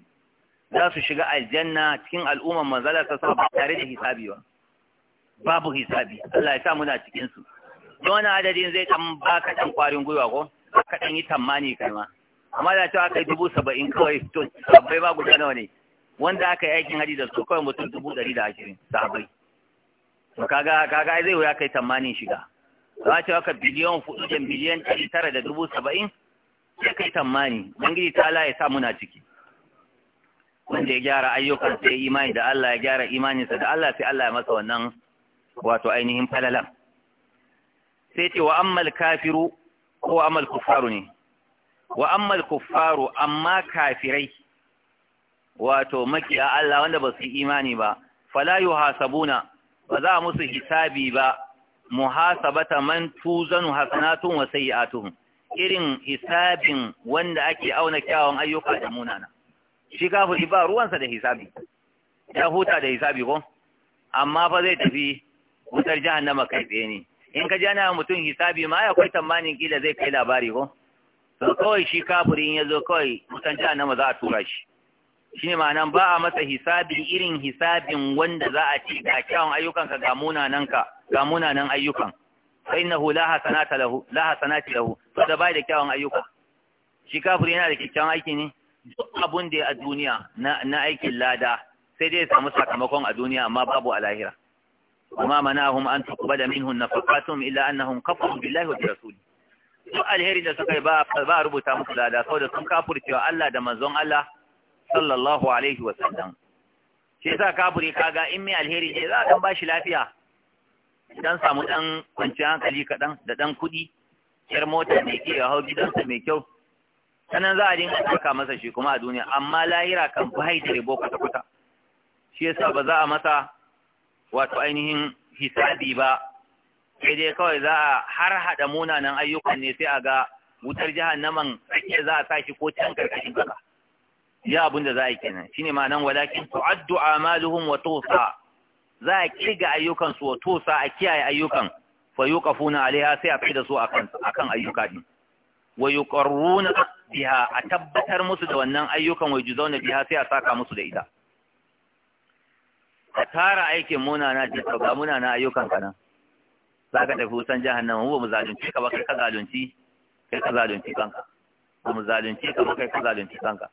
za su shiga aljanna cikin al'umman mazalar ta ba tare da hisabi ba babu hisabi Allah ya sa muna cikin su don wani adadin zai dan ka dan kwarin gwiwa ko ka dan yi tamani kai ma amma da cewa kai dubu saba'in kawai to sabbai ma guda nawa ne wanda aka yi aikin haji da su kawai mutum dubu ɗari da ashirin sahabai to kaga kaga zai wuya kai tamanin shiga za a ce waka biliyan hudu da biliyan ɗari tara da dubu saba'in ya kai tamani ubangiji ta Allah ya sa muna ciki wanda ya gyara ayyukan sai imani da Allah ya gyara imaninsa da Allah sai Allah ya masa wannan wato ainihin falalan sai ce wa ammal kafiru ko amal kuffaru ne wa ammal kuffaru amma kafirai wato makiya Allah wanda ba su yi imani ba fala hasabuna ba za musu hisabi ba muhasabata man tuzanu hasanatun wa sayi'atuhum irin hisabin wanda ake auna kyawun ayyuka da munana shi kafiri ba ruwansa da hisabi ya huta da hisabi ko amma fa zai tafi wutar jahannama kai tsaye ne in ka jana mutum hisabi ma ya kwai tamanin kila zai kai labari ko to kawai shi kafirin ya zo kawai wutar jahannama za a tura shi shi ma'anan ba a masa hisabi irin hisabin wanda za a ci ga kyawun ayyukanka ga munananka ga munanan ayyukan fa na la hasanata lahu la hasanati lahu to da bai da kyawun ayyuka shi kafiri yana da kyakkyawan aiki ne duk abun da a duniya na na aikin lada sai dai ya samu sakamakon a duniya amma babu a lahira وما منعهم أن تقبل illa نفقاتهم إلا أنهم كفروا بالله وبرسوله duk alheri da suka yi ba a rubuta musu lada saboda sun kafurcewa Allah da manzon Allah sallallahu alaihi wa sallam shi yasa kafiri kaga in mai alheri ne za a dan bashi lafiya dan samu dan kwanciyar hankali kaɗan da dan kuɗi yar mota mai ke ya hau gidansa mai kyau sanan za a dinga ɗauka masa shi kuma a duniya amma lahira kan bai da rebo kwata-kwata shi yasa ba za a masa wato ainihin hisabi ba sai dai kawai za a har haɗa munanan ayyukan ne sai a ga wutar jahannaman ake za a sa shi ko can karkashin kaka ya abun da za a yi kenan ne ma'anan walakin tu'addu amaluhum wa tusa za a kiga ayyukan su wa tusa a kiyaye ayyukan fa yuqafuna alaiha sai a fi da su akan akan ayyuka din wa yuqarruna biha a tabbatar musu da wannan ayyukan wa yujzauna biha sai a saka musu da ita ka tara aikin munana da ga munana ayyukan ka nan za ka tafi wutan jahannama mu ba mu zalunci ka ba kai ka zalunci kai ka zalunci kanka ba mu zalunci ka ba kai ka zalunci kanka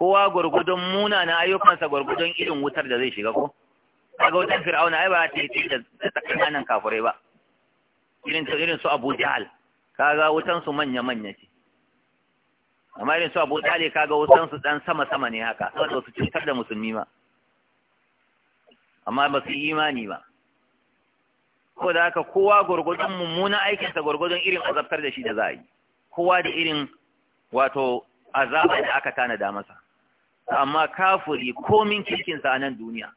kowa gurgudun na ayyukansa gurgudun irin wutar da zai shiga ko kaga wutar fir'auna ai ba ta yi da tsakanin kafurai ba irin su irin su Abu jahal kaga wutan su manya manya ce amma irin su Abu jahal kaga wutan su dan sama sama ne haka saboda su cutar da musulmi ma amma ba su imani ba ko da haka kowa gurgudun mummuna aikinsa gurgudun irin azabtar da shi da za yi kowa da irin wato azaba da aka tanada masa amma kafuri komin kirkinsa a nan duniya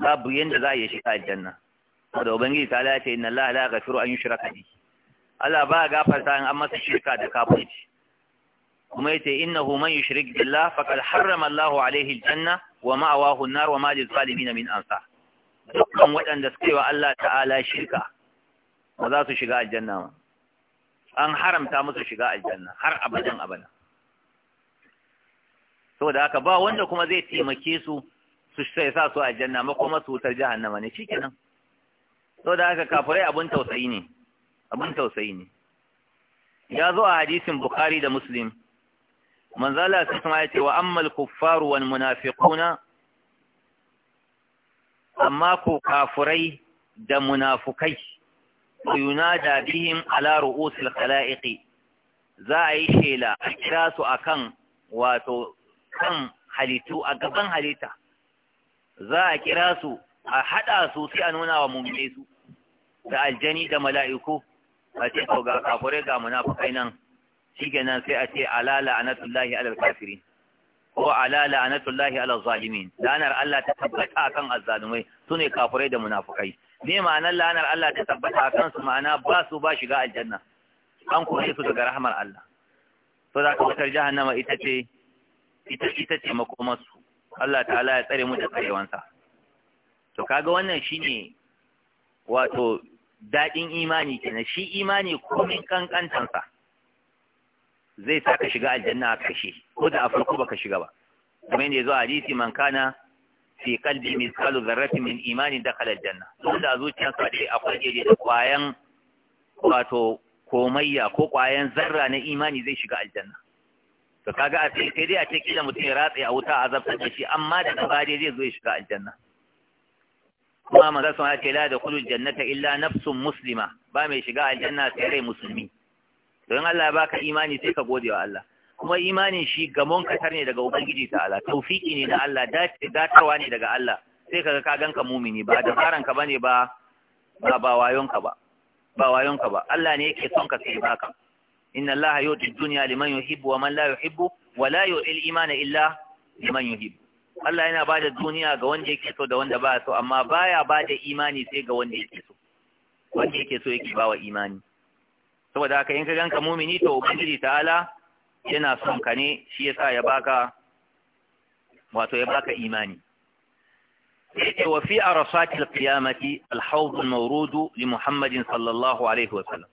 babu yadda za a yi shiga aljanna wadda ubangiji ta lace inna Allah la gafiru an yi shirka bi Allah ba gafarta an masa shirka da kafirci kuma yace innahu man yushrik billah faqad harrama Allah alayhi aljanna wa ma'awahu an-nar wa ma lil zalimin min ansa. dukkan waɗanda suke wa Allah ta'ala shirka ba za su shiga aljanna ba an haramta musu shiga aljanna har abadan abada saboda haka ba wanda kuma zai taimake su su sai sa su aljanna ma kuma su wutar jahannama ne shikenan saboda haka kafirai abun tausayi ne abun tausayi ne ya zo a hadisin bukhari da muslim manzo Allah sai kuma yace wa ammal kuffaru wal munafiquna amma ko kafirai da munafukai yunada bihim ala al khala'iqi za a yi shela a kira su akan wato kan halittu a gaban halitta za a kira su a haɗa su sai a nuna wa mummune su da aljani da mala'iku a ce to ga kafurai ga munafukai nan nan sai a ce alala anatullahi alal kafirin ko alala anatullahi alal zalimin lanar Allah ta tabbata akan su ne kafurai da munafukai ne ma'anar lanar Allah ta tabbata akan su ma'ana ba su ba shiga aljanna an kore su daga rahmar Allah to za ka wutar jahannama ita ce ita ita ce makomarsu Allah ta'ala ya tsare mu da tsarewansa to kaga wannan shine wato daɗin imani kenan shi imani komin kankantansa zai sa shiga aljanna a kashe. ko da a farko baka shiga ba kuma ne zuwa, hadisi man kana fi qalbi mithqalu dharratin min imani dakhala aljanna to da sa dai akwai daidai da kwayan wato komayya ko kwayan zarra na imani zai shiga aljanna to kaga a ce sai dai a ce kila mutum ya ratsa a wuta a azabtar da shi amma da gaba zai zo ya shiga aljanna kuma manzo sun ce la kullu jannata illa nafsun muslima ba mai shiga aljanna sai rai musulmi don Allah ya baka imani sai ka gode wa Allah kuma imanin shi gamon katar ne daga ubangiji ta'ala tawfiki ne da Allah tawa ne daga Allah sai kaga ka ganka mumini ba da faran ka bane ba ba ba wayon ba ba wayon ba Allah ne yake son ka sai baka inna allaha yuti dunya liman yuhibbu wa man la yuhibbu wa la yu'ti al-imana illa liman yuhibbu Allah yana bada duniya ga wanda yake so da wanda ba so amma baya bada imani sai ga wanda yake so wanda yake so yake bawa imani saboda haka in ka ganka mumini to ubangiji ta'ala yana son ka ne shi yasa ya baka wato ya baka imani وفي عرفات القيامة الحوض المورود Muhammadin Sallallahu alaihi wa sallam.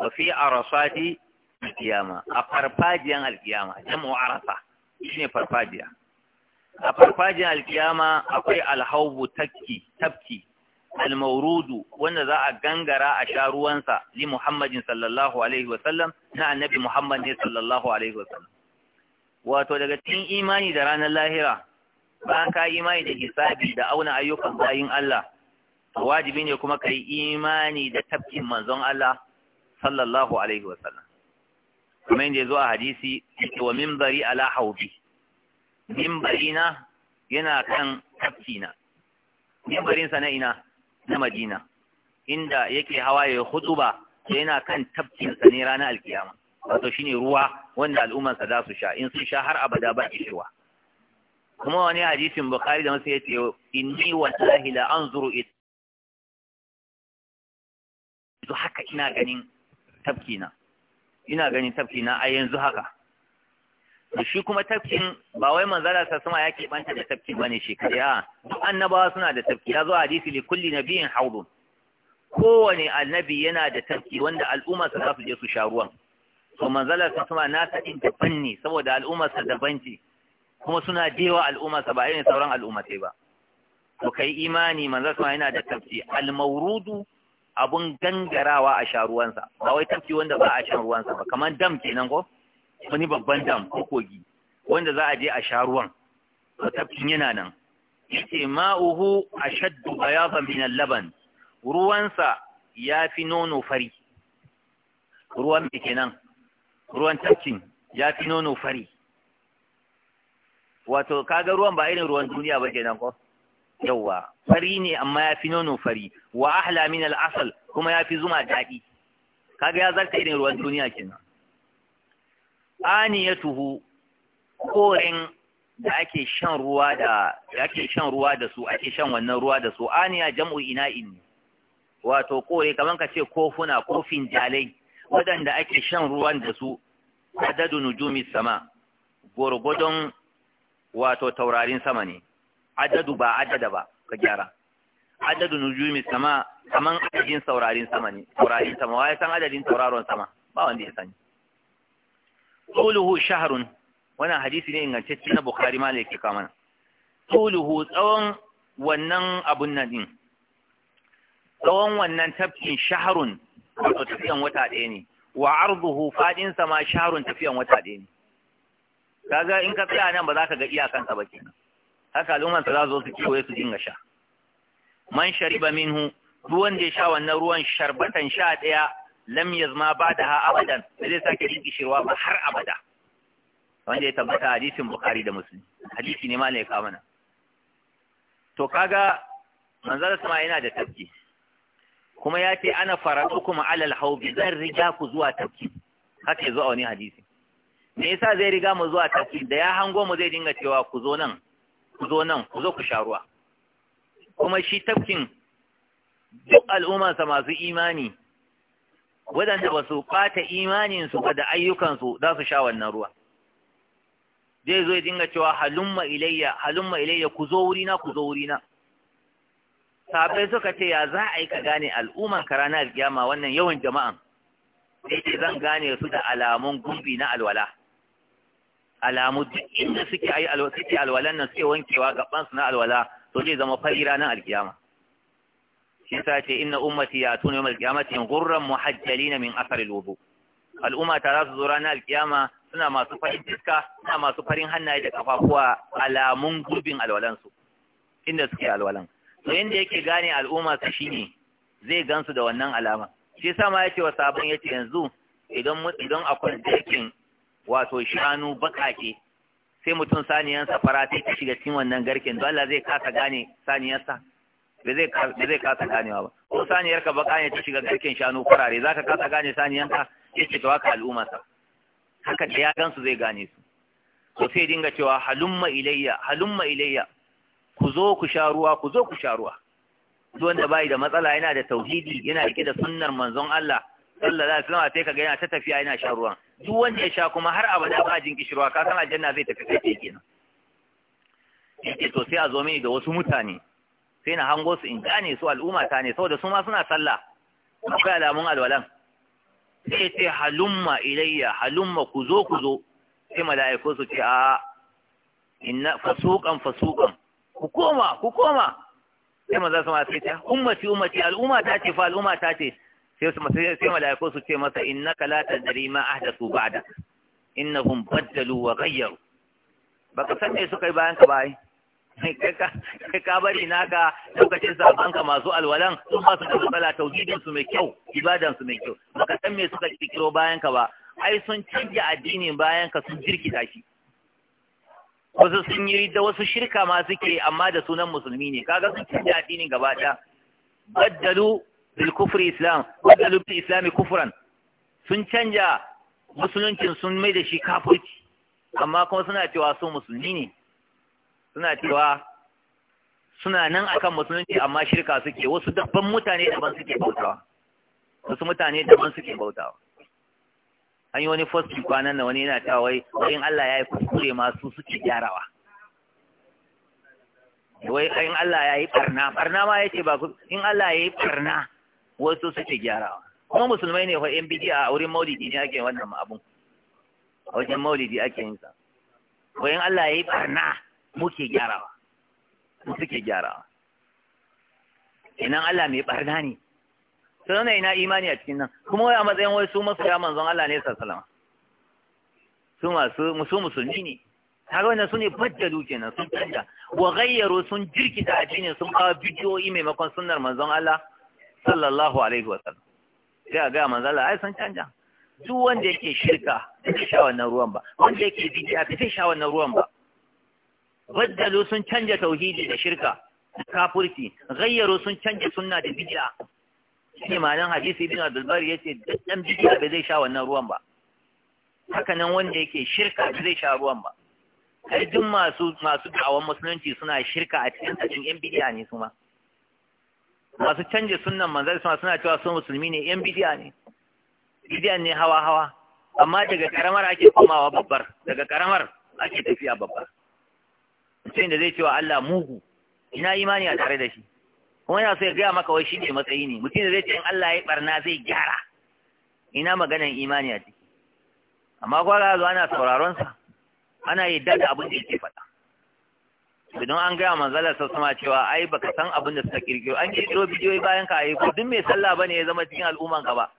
wa fi arasati alkiyama a farfajiyan alkiyama jam'u arasa shine farfajiya a farfajiyan alkiyama akwai alhaubu takki tafki almaurudu wanda za a gangara a sha ruwansa li muhammadin sallallahu alaihi wa sallam, na annabi muhammad ne sallallahu alaihi wa sallam. wato daga cikin imani da ranar lahira bayan ka imani da hisabi da auna ayyukan bayin Allah wajibi ne kuma ka yi imani da tafkin manzon Allah sallallahu alaihi wa sallam kuma ya zo a hadisi wa minbari ala haubi minbarina yana kan tafkina minbarinsa na ina na madina inda yake hawa ya hutuba yana kan tafkinsa ne ranar alkiyama wato shine ruwa wanda al'ummarsa za su sha in sun sha har abada ba kishirwa kuma wani hadisin bukhari da musu yace inni wallahi la anzuru to haka ina ganin tafkina ina ganin tafkina a yanzu haka da shi kuma tafkin ba wai manzala ta sama ya keɓanta da tafkin bane ne a duk annabawa suna da tafki ya zo hadisi li kulli nabiyin haudun kowane annabi yana da tafki wanda al'ummarsa za su je su sha ruwan to manzara ta sama na ta din daban ne saboda al'ummarsa da banci kuma suna dewa al'ummarsa ba irin sauran al'ummatai ba to kai imani manzala sama yana da tafki al-mawrudu abun gangarawa a sha ruwansa ba wai tafki wanda ba a shan ruwansa ba kamar dam kenan ko wani babban dam ko kogi wanda za a je a sha ruwan to tafkin yana nan yake ma'uhu ashaddu bayadan min al-laban ruwansa ya fi nono fari ruwan me kenan ruwan tafkin fi nono fari wato kaga ruwan ba irin ruwan duniya ba kenan ko yawwa fari ne amma ya fi nono fari wa ahla min al'asal kuma ya fi zuma daɗi kaga ya zarta irin ruwan duniya kenan aniyatuhu koren da ake shan ruwa da ake shan ruwa da su ake shan wannan ruwa da su aniya jam'u ina'in wato kore kaman ka ce kofuna kofin jalai waɗanda ake shan ruwan da su adadu nujumi sama gorgodon wato taurarin sama ne adadu ba adada ba ka gyara adadu nujumi sama kaman adadin saurarin sama ne saurarin sama wai san adadin sauraron sama ba wanda ya sani tuluhu shahrun wannan hadisi ne ingantacce na bukhari ma ne yake kama tuluhu tsawon wannan abun nan din tsawon wannan tafkin shahrun wato tafiyan wata ɗaya ne wa arduhu fadin sama shahrun tafiyan wata ɗaya ne kaga in ka tsaya nan ba za ka ga iyakansa ba kenan haka al'umman ta za zo su kewaye su dinga sha man shariba minhu ruwan da ya sha wannan ruwan sharbatan sha ɗaya lam yazma ba'daha abadan ba zai sake jin kishirwa ba har abada wanda ya tabbata hadisin bukhari da muslim hadisi ne malai ka mana to kaga manzara sama yana da tafki kuma ya ce ana kuma alal haubi zan riga ku zuwa tafki haka ya zuwa a wani hadisi me yasa zai riga mu zuwa tafki da ya hango mu zai dinga cewa ku zo nan ku zo nan ku zo ku sha ruwa kuma shi tafkin duk al'ummarsa masu imani waɗanda ba su ɓata imaninsu ba da ayyukansu za su sha wannan ruwa zai zo ya dinga cewa halumma ilayya halumma ilayya ku zo wurina ku zo wurina sabai suka ce ya za a yi ka gane al'umman ka yama wannan yawan jama'an sai zan gane su da alamun gumbi na alwala alamu duk inda suke ayi alwala suke alwalan nan suke wankewa gaban su na alwala to zai zama fari ranar alkiyama shi yasa ce inna ummati yatuna yawmal qiyamati ghurran muhajjalina min athari alwudu al'umma ta za su zo ranar alkiyama suna masu farin fiska suna masu farin hannaye da kafafuwa alamun gurbin alwalansu inda suke alwalan to yanda yake gane al'umma su shine zai gansu da wannan alama shi yasa ma yace wa sabon yace yanzu idan idan akwai dakin wato shanu baƙaƙe sai mutum saniyansa fara sai ta shiga cikin wannan garken don Allah zai kasa gane saniyan sa. ba zai kasa ganewa ba ko saniyar ka baka ne ta shiga garken shanu farare zaka kasa gane saniyan yace ya haka al'umma sa haka da ya gansu zai gane su to sai dinga cewa halumma ilayya halumma ilayya ku zo ku sha ruwa ku zo ku sha ruwa duk wanda bai da matsala yana da tauhidi yana rike da sunnar manzon Allah sallallahu alaihi wasallam sai kaga yana ta tafiya yana sha ruwan duk wanda ya sha kuma har abada ba jin kishirwa ka san aljanna zai tafi kai kenan yake to sai a zo mini da wasu mutane sai na hango su in gane su al'umma ta ne saboda su ma suna sallah akwai alamun alwalan sai ce halumma ilayya halumma ku zo ku zo sai mala'iku su ce a inna fasuqan fasuqan ku koma ku koma sai maza su sai ta ummati ummati al'umma ta ce fa al'umma ta ce sai su sai mala'iku su ce masa innaka la tadri ma ahdathu ba'da innahum baddalu wa ghayyaru baka san me suka yi bayan ka bai kai ka bari naka lokacin saban ka masu alwalan sun ba su da matsala tauhidin su mai kyau ibadan su mai kyau baka san me suka kirkiro bayan ka ba ai sun canja addinin bayan ka sun jirkita shi wasu sun yi da wasu shirka ma suke amma da sunan musulmi ne kaga sun canja addinin gaba ɗaya baddalu bil kufri islam wadalu bil islami kufran sun canja musuluncin sun mai da shi kafirci amma kuma suna cewa su musulmi ne suna cewa suna nan akan musulunci amma shirka suke wasu dabban mutane daban suke bautawa wasu mutane daban suke bautawa an yi wani fosti kwanan da wani yana cewa wai in Allah ya yi kuskure ma su suke gyarawa wai in Allah ya yi ɓarna, barna ma ce ba in Allah ya yi ɓarna. wasu suke gyarawa kuma musulmai ne fa yan bidiya a wurin maulidi ne ake wannan abun a wajen maulidi ake yin sa wayan Allah ya yi barna muke gyarawa mu suke gyarawa inan Allah mai barna ne sai ne ina imani a cikin nan kuma wai a matsayin wai su masoya manzon Allah ne sallallahu su masu musu musulmi ne kaga wannan sune baddalu kenan sun canja wa ghayyaru sun jirkita addinin sun kawo bidiyoyi maimakon sunnar manzon Allah sallallahu alaihi wasallam sai a ga manzo Allah ai san canja duk wanda yake shirka bai sha wannan ruwan ba wanda yake bid'a bai sha wannan ruwan ba baddalu sun canja tauhidi da shirka kafirci ghayyaro sun canja sunna da bid'a shi malan hadisi ibn Abdul Bari yace dan bid'a bai zai sha wannan ruwan ba haka nan wanda yake shirka bai zai sha ruwan ba kai duk masu masu da'awan musulunci suna shirka a cikin cikin yan bid'a ne su ma masu canje sunan manzan suna suna cewa sun musulmi ne yan bidiya ne bidiya ne hawa hawa amma daga karamar ake komawa babbar daga karamar ake tafiya babbar sai da zai cewa Allah mugu ina imani a tare da shi kuma yana so ya gaya maka wai shi ne matsayi ne mutum da zai ce in Allah ya barna zai gyara ina maganan imani a ciki amma kwa ga ana sauraron sa ana yi da abin da yake faɗa idan an gaya manzalar sa sama cewa ai baka san abin da suka kirkiro an kirkiro bidiyoyi bayan ka yi ko duk mai sallah bane ya zama cikin al'umman ka ba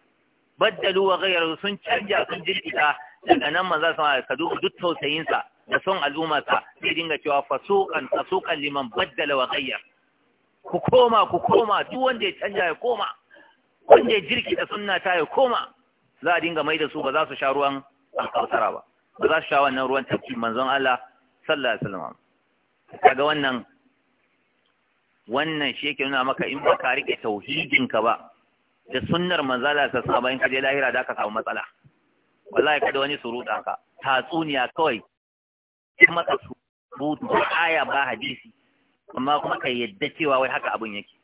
baddalu wa ghayru sun canja sun jirkita daga nan manzon sama ka duba duk tausayin sa da son al'umma sa sai dinga cewa fasuqan fasuqan liman baddala wa ghayyar ku koma ku koma duk wanda ya canja ya koma wanda ya jirkita sunna ta ya koma za a dinga mai da su ba za su sha ruwan alkausara ba ba za su sha wannan ruwan tafki manzon Allah sallallahu alaihi wasallam kaga wannan wannan shi yake nuna maka in ba ka rike tauhidin ka ba da sunnar manzala ta sa bayan ka je lahira da ka samu matsala wallahi kada wani suruta ka tatsuniya kawai kuma ka rubutu ba aya ba hadisi amma kuma ka yadda cewa wai haka abin yake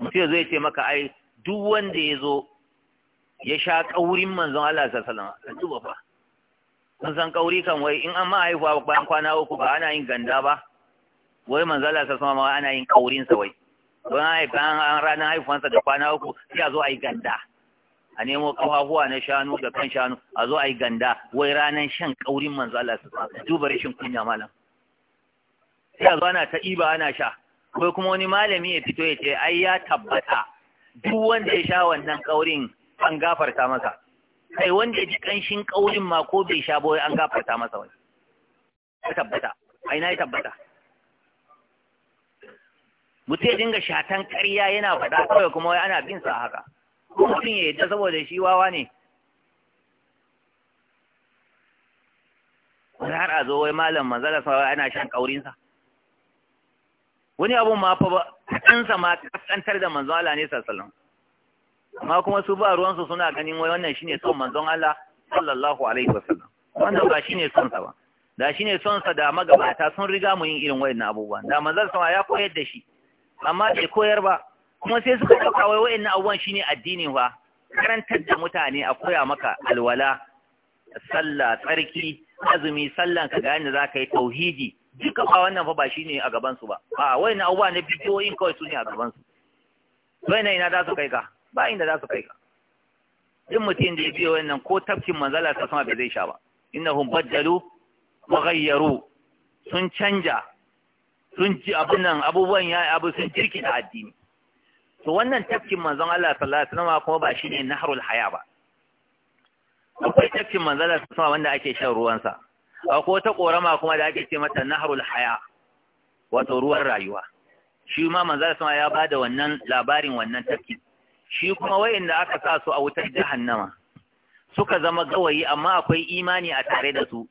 mutum zai ce maka ai duk wanda ya zo ya sha kaurin manzon Allah sallallahu alaihi wasallam duba fa kun san kauri kan wai in an ma haihuwa bayan kwana uku ba ana yin ganda ba wai manzala sa sama ma ana yin kaurin sa wai don haifan an ranar haifuwansa da kwana uku sai a zo a yi ganda a nemo kafafuwa na shanu da kan shanu a zo a yi ganda wai ranar shan kaurin manzala sa sama duba rashin kunya malam sai a zo ana ta iba ana sha wai kuma wani malami ya fito ya ce ai ya tabbata duk wanda ya sha wannan kaurin an gafarta masa kai wanda ya ji kanshin ƙaurin ma ko bai sha boye an gafarta masa wai ya tabbata a ina ya tabbata mutum ya dinga shatan ƙarya yana faɗa kawai kuma wai ana bin sa haka ko mutum ya yadda saboda shi wawa ne wani har a zo wai malam manzala sa wai ana shan kaurinsa wani abun ma fa ba ɗansa ma kaskantar da Manzala ne sallallahu amma kuma su ba ruwansu suna ganin wai wannan shine son manzon Allah sallallahu alaihi wasallam wannan ba shine son sa ba da shine son sa da magabata sun riga mu yin irin wayannan abubuwa da manzon sa ya koyar da shi amma bai koyar ba kuma sai suka dauka wai wayannan abubuwan shine addini fa karantar da mutane a koya maka alwala sallah tsarki azumi sallan ka ga yadda zaka yi tauhidi duka ba wannan fa ba shine a gaban su ba a wayannan abubuwa ne bidiyoyin kawai su ne a gaban su wayannan ina za su kai ka ba inda za su kai ka duk mutum da ya biya wannan ko tafkin manzala ta sama bai zai sha ba hun baddalu wa ghayyaru sun canja sun ji abin nan abubuwan ya abu sun jirki da addini to wannan tafkin manzon Allah sallallahu alaihi wasallam kuma ba shine nahrul haya ba akwai tafkin manzon Allah sallallahu wanda ake shan ruwan sa akwai wata korama kuma da ake ce mata nahrul haya wato ruwan rayuwa shi ma manzon Allah ya bada wannan labarin wannan tafkin shi kuma wayanda aka sa su a wutar jahannama suka zama gawayi amma akwai imani a tare da su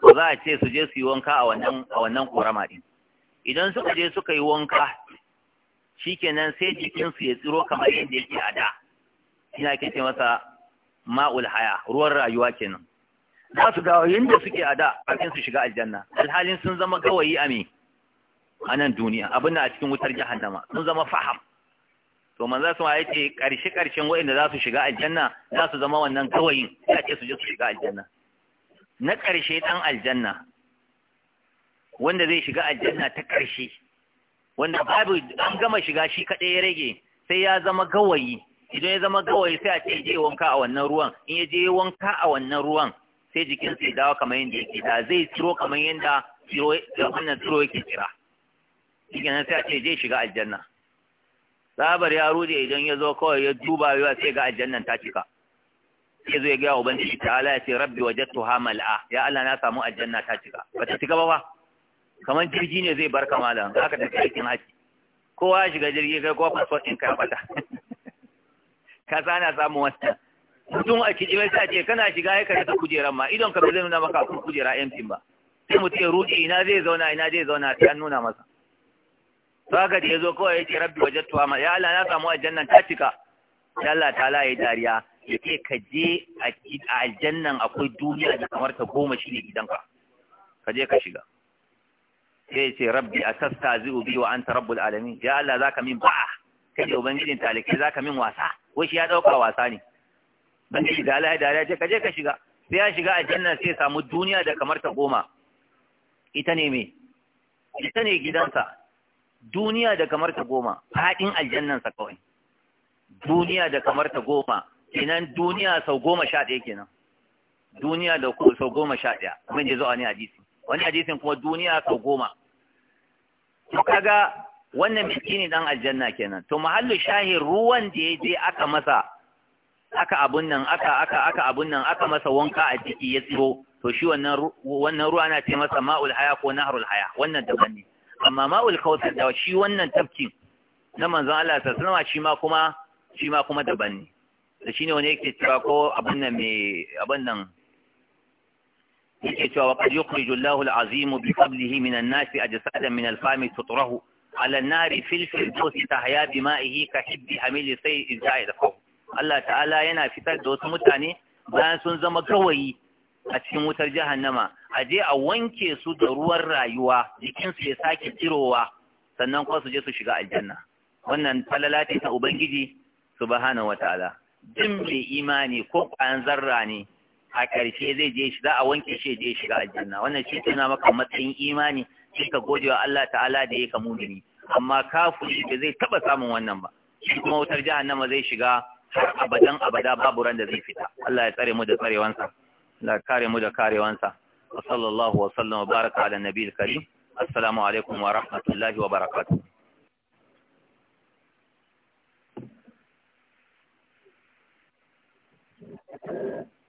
to za a ce su je su yi wanka a wannan a wannan korama din idan suka je suka yi wanka shikenan sai jikin su ya tsiro kamar yadda yake a da ina ke ce masa ma'ul haya ruwan rayuwa kenan za su dawo yadda suke a da kafin su shiga aljanna alhalin sun zama gawayi a a nan duniya abin a cikin wutar jahannama sun zama faham to manzo sun ya ce karshe karshen wa'inda za su shiga aljanna za su zama wannan kawayin ya ce su je su shiga aljanna na karshe dan aljanna wanda zai shiga aljanna ta karshe wanda babu an gama shiga shi kaɗai ya rage sai ya zama gawayi idan ya zama gawayi sai a ce je wanka a wannan ruwan in ya je wanka a wannan ruwan sai jikin sai dawo kamar yadda yake da zai tsiro kamar yadda wannan tsiro yake tsira shi sai a ce je shiga aljanna Sabar ya rude idan ya zo kawai ya duba ya sai ga aljannan ta cika Ya zo ya wa ubangiji ta ala ya ce rabbi ha mal'a ya Allah na samu aljanna ta cika ba ta cika ba ba kamar jirgi ne zai barka malam haka ta cikin haji kowa ya shiga jirgi kai kowa passport ɗin ka bata ka sana samu wasu. mutum a kiɗi mai sa ce kana shiga ya karɓi kujeran ma idon ka bai zai nuna maka kun kujera yan ba sai mutum ya rude ina zai zauna ina zai zauna sai an nuna masa saka da zo kawai yake rabbi tuwa ma, ya Allah na samu aljannan ta cika ya Allah ta laye dariya. Ya ce ka je a aljannan akwai duniya da kamar ta goma shi ne gidanka ka je ka shiga sai ce rabbi a atastazi'u biyu wa ta rabbul alamin ya Allah za ka min ba'a je ubangijin talikai ka min wasa ko shi ya dauka wasa ne Ban dariya je ka je ka shiga sai ya shiga aljanna sai ya samu duniya da kamar ta goma ita ne me ita ne gidansa duniya da kamar ta goma faɗin aljannansa kawai duniya da kamar ta goma kenan duniya sau goma sha ɗaya kenan duniya da kuma sau goma sha ɗaya kamar da zo a ne hadisi wani hadisin kuma duniya sau goma to kaga wannan miskini dan aljanna kenan to mahallu shahi ruwan da ya je aka masa aka abun nan aka aka aka abun nan aka masa wanka a jiki ya tsiro to shi wannan wannan ruwa ana ce masa ma'ul haya ko nahrul haya wannan daban ne amma ma kautsar da shi wannan tafkin na manzon Allah sallallahu alaihi shi ma kuma shi ma kuma daban ne da shine wani yake cewa ko abin nan me abin nan yake cewa waƙar qad yukhriju Ala'zimu al-azim bi qablihi min an-nasi ajsadan min al-fami tutrahu ala an-nari fil firdausi tahya bi ma'ihi ka hibbi hamil da zaid Allah ta'ala yana fitar da wasu mutane bayan sun zama gawayi a cikin wutar jahannama a je a wanke su da ruwan rayuwa jikinsu ya sake tsirowa sannan kuma su je su shiga aljanna wannan falala ta ubangiji subhanahu wataala din mai imani ko kwayan zarra ne a ƙarshe zai je shi za a wanke shi je shiga aljanna wannan shi tana maka matsayin imani shi ka gode wa Allah ta'ala da ya ka mumini amma kafiri da zai taba samun wannan ba shi kuma wutar jahannama zai shiga har abadan abada babu ran da zai fita Allah ya tsare mu da tsarewansa la kare mu da karewansa wa sallallahu wa sallam wa baraka ala nabiyil karim assalamu alaikum wa rahmatullahi wa barakatuh Thank you.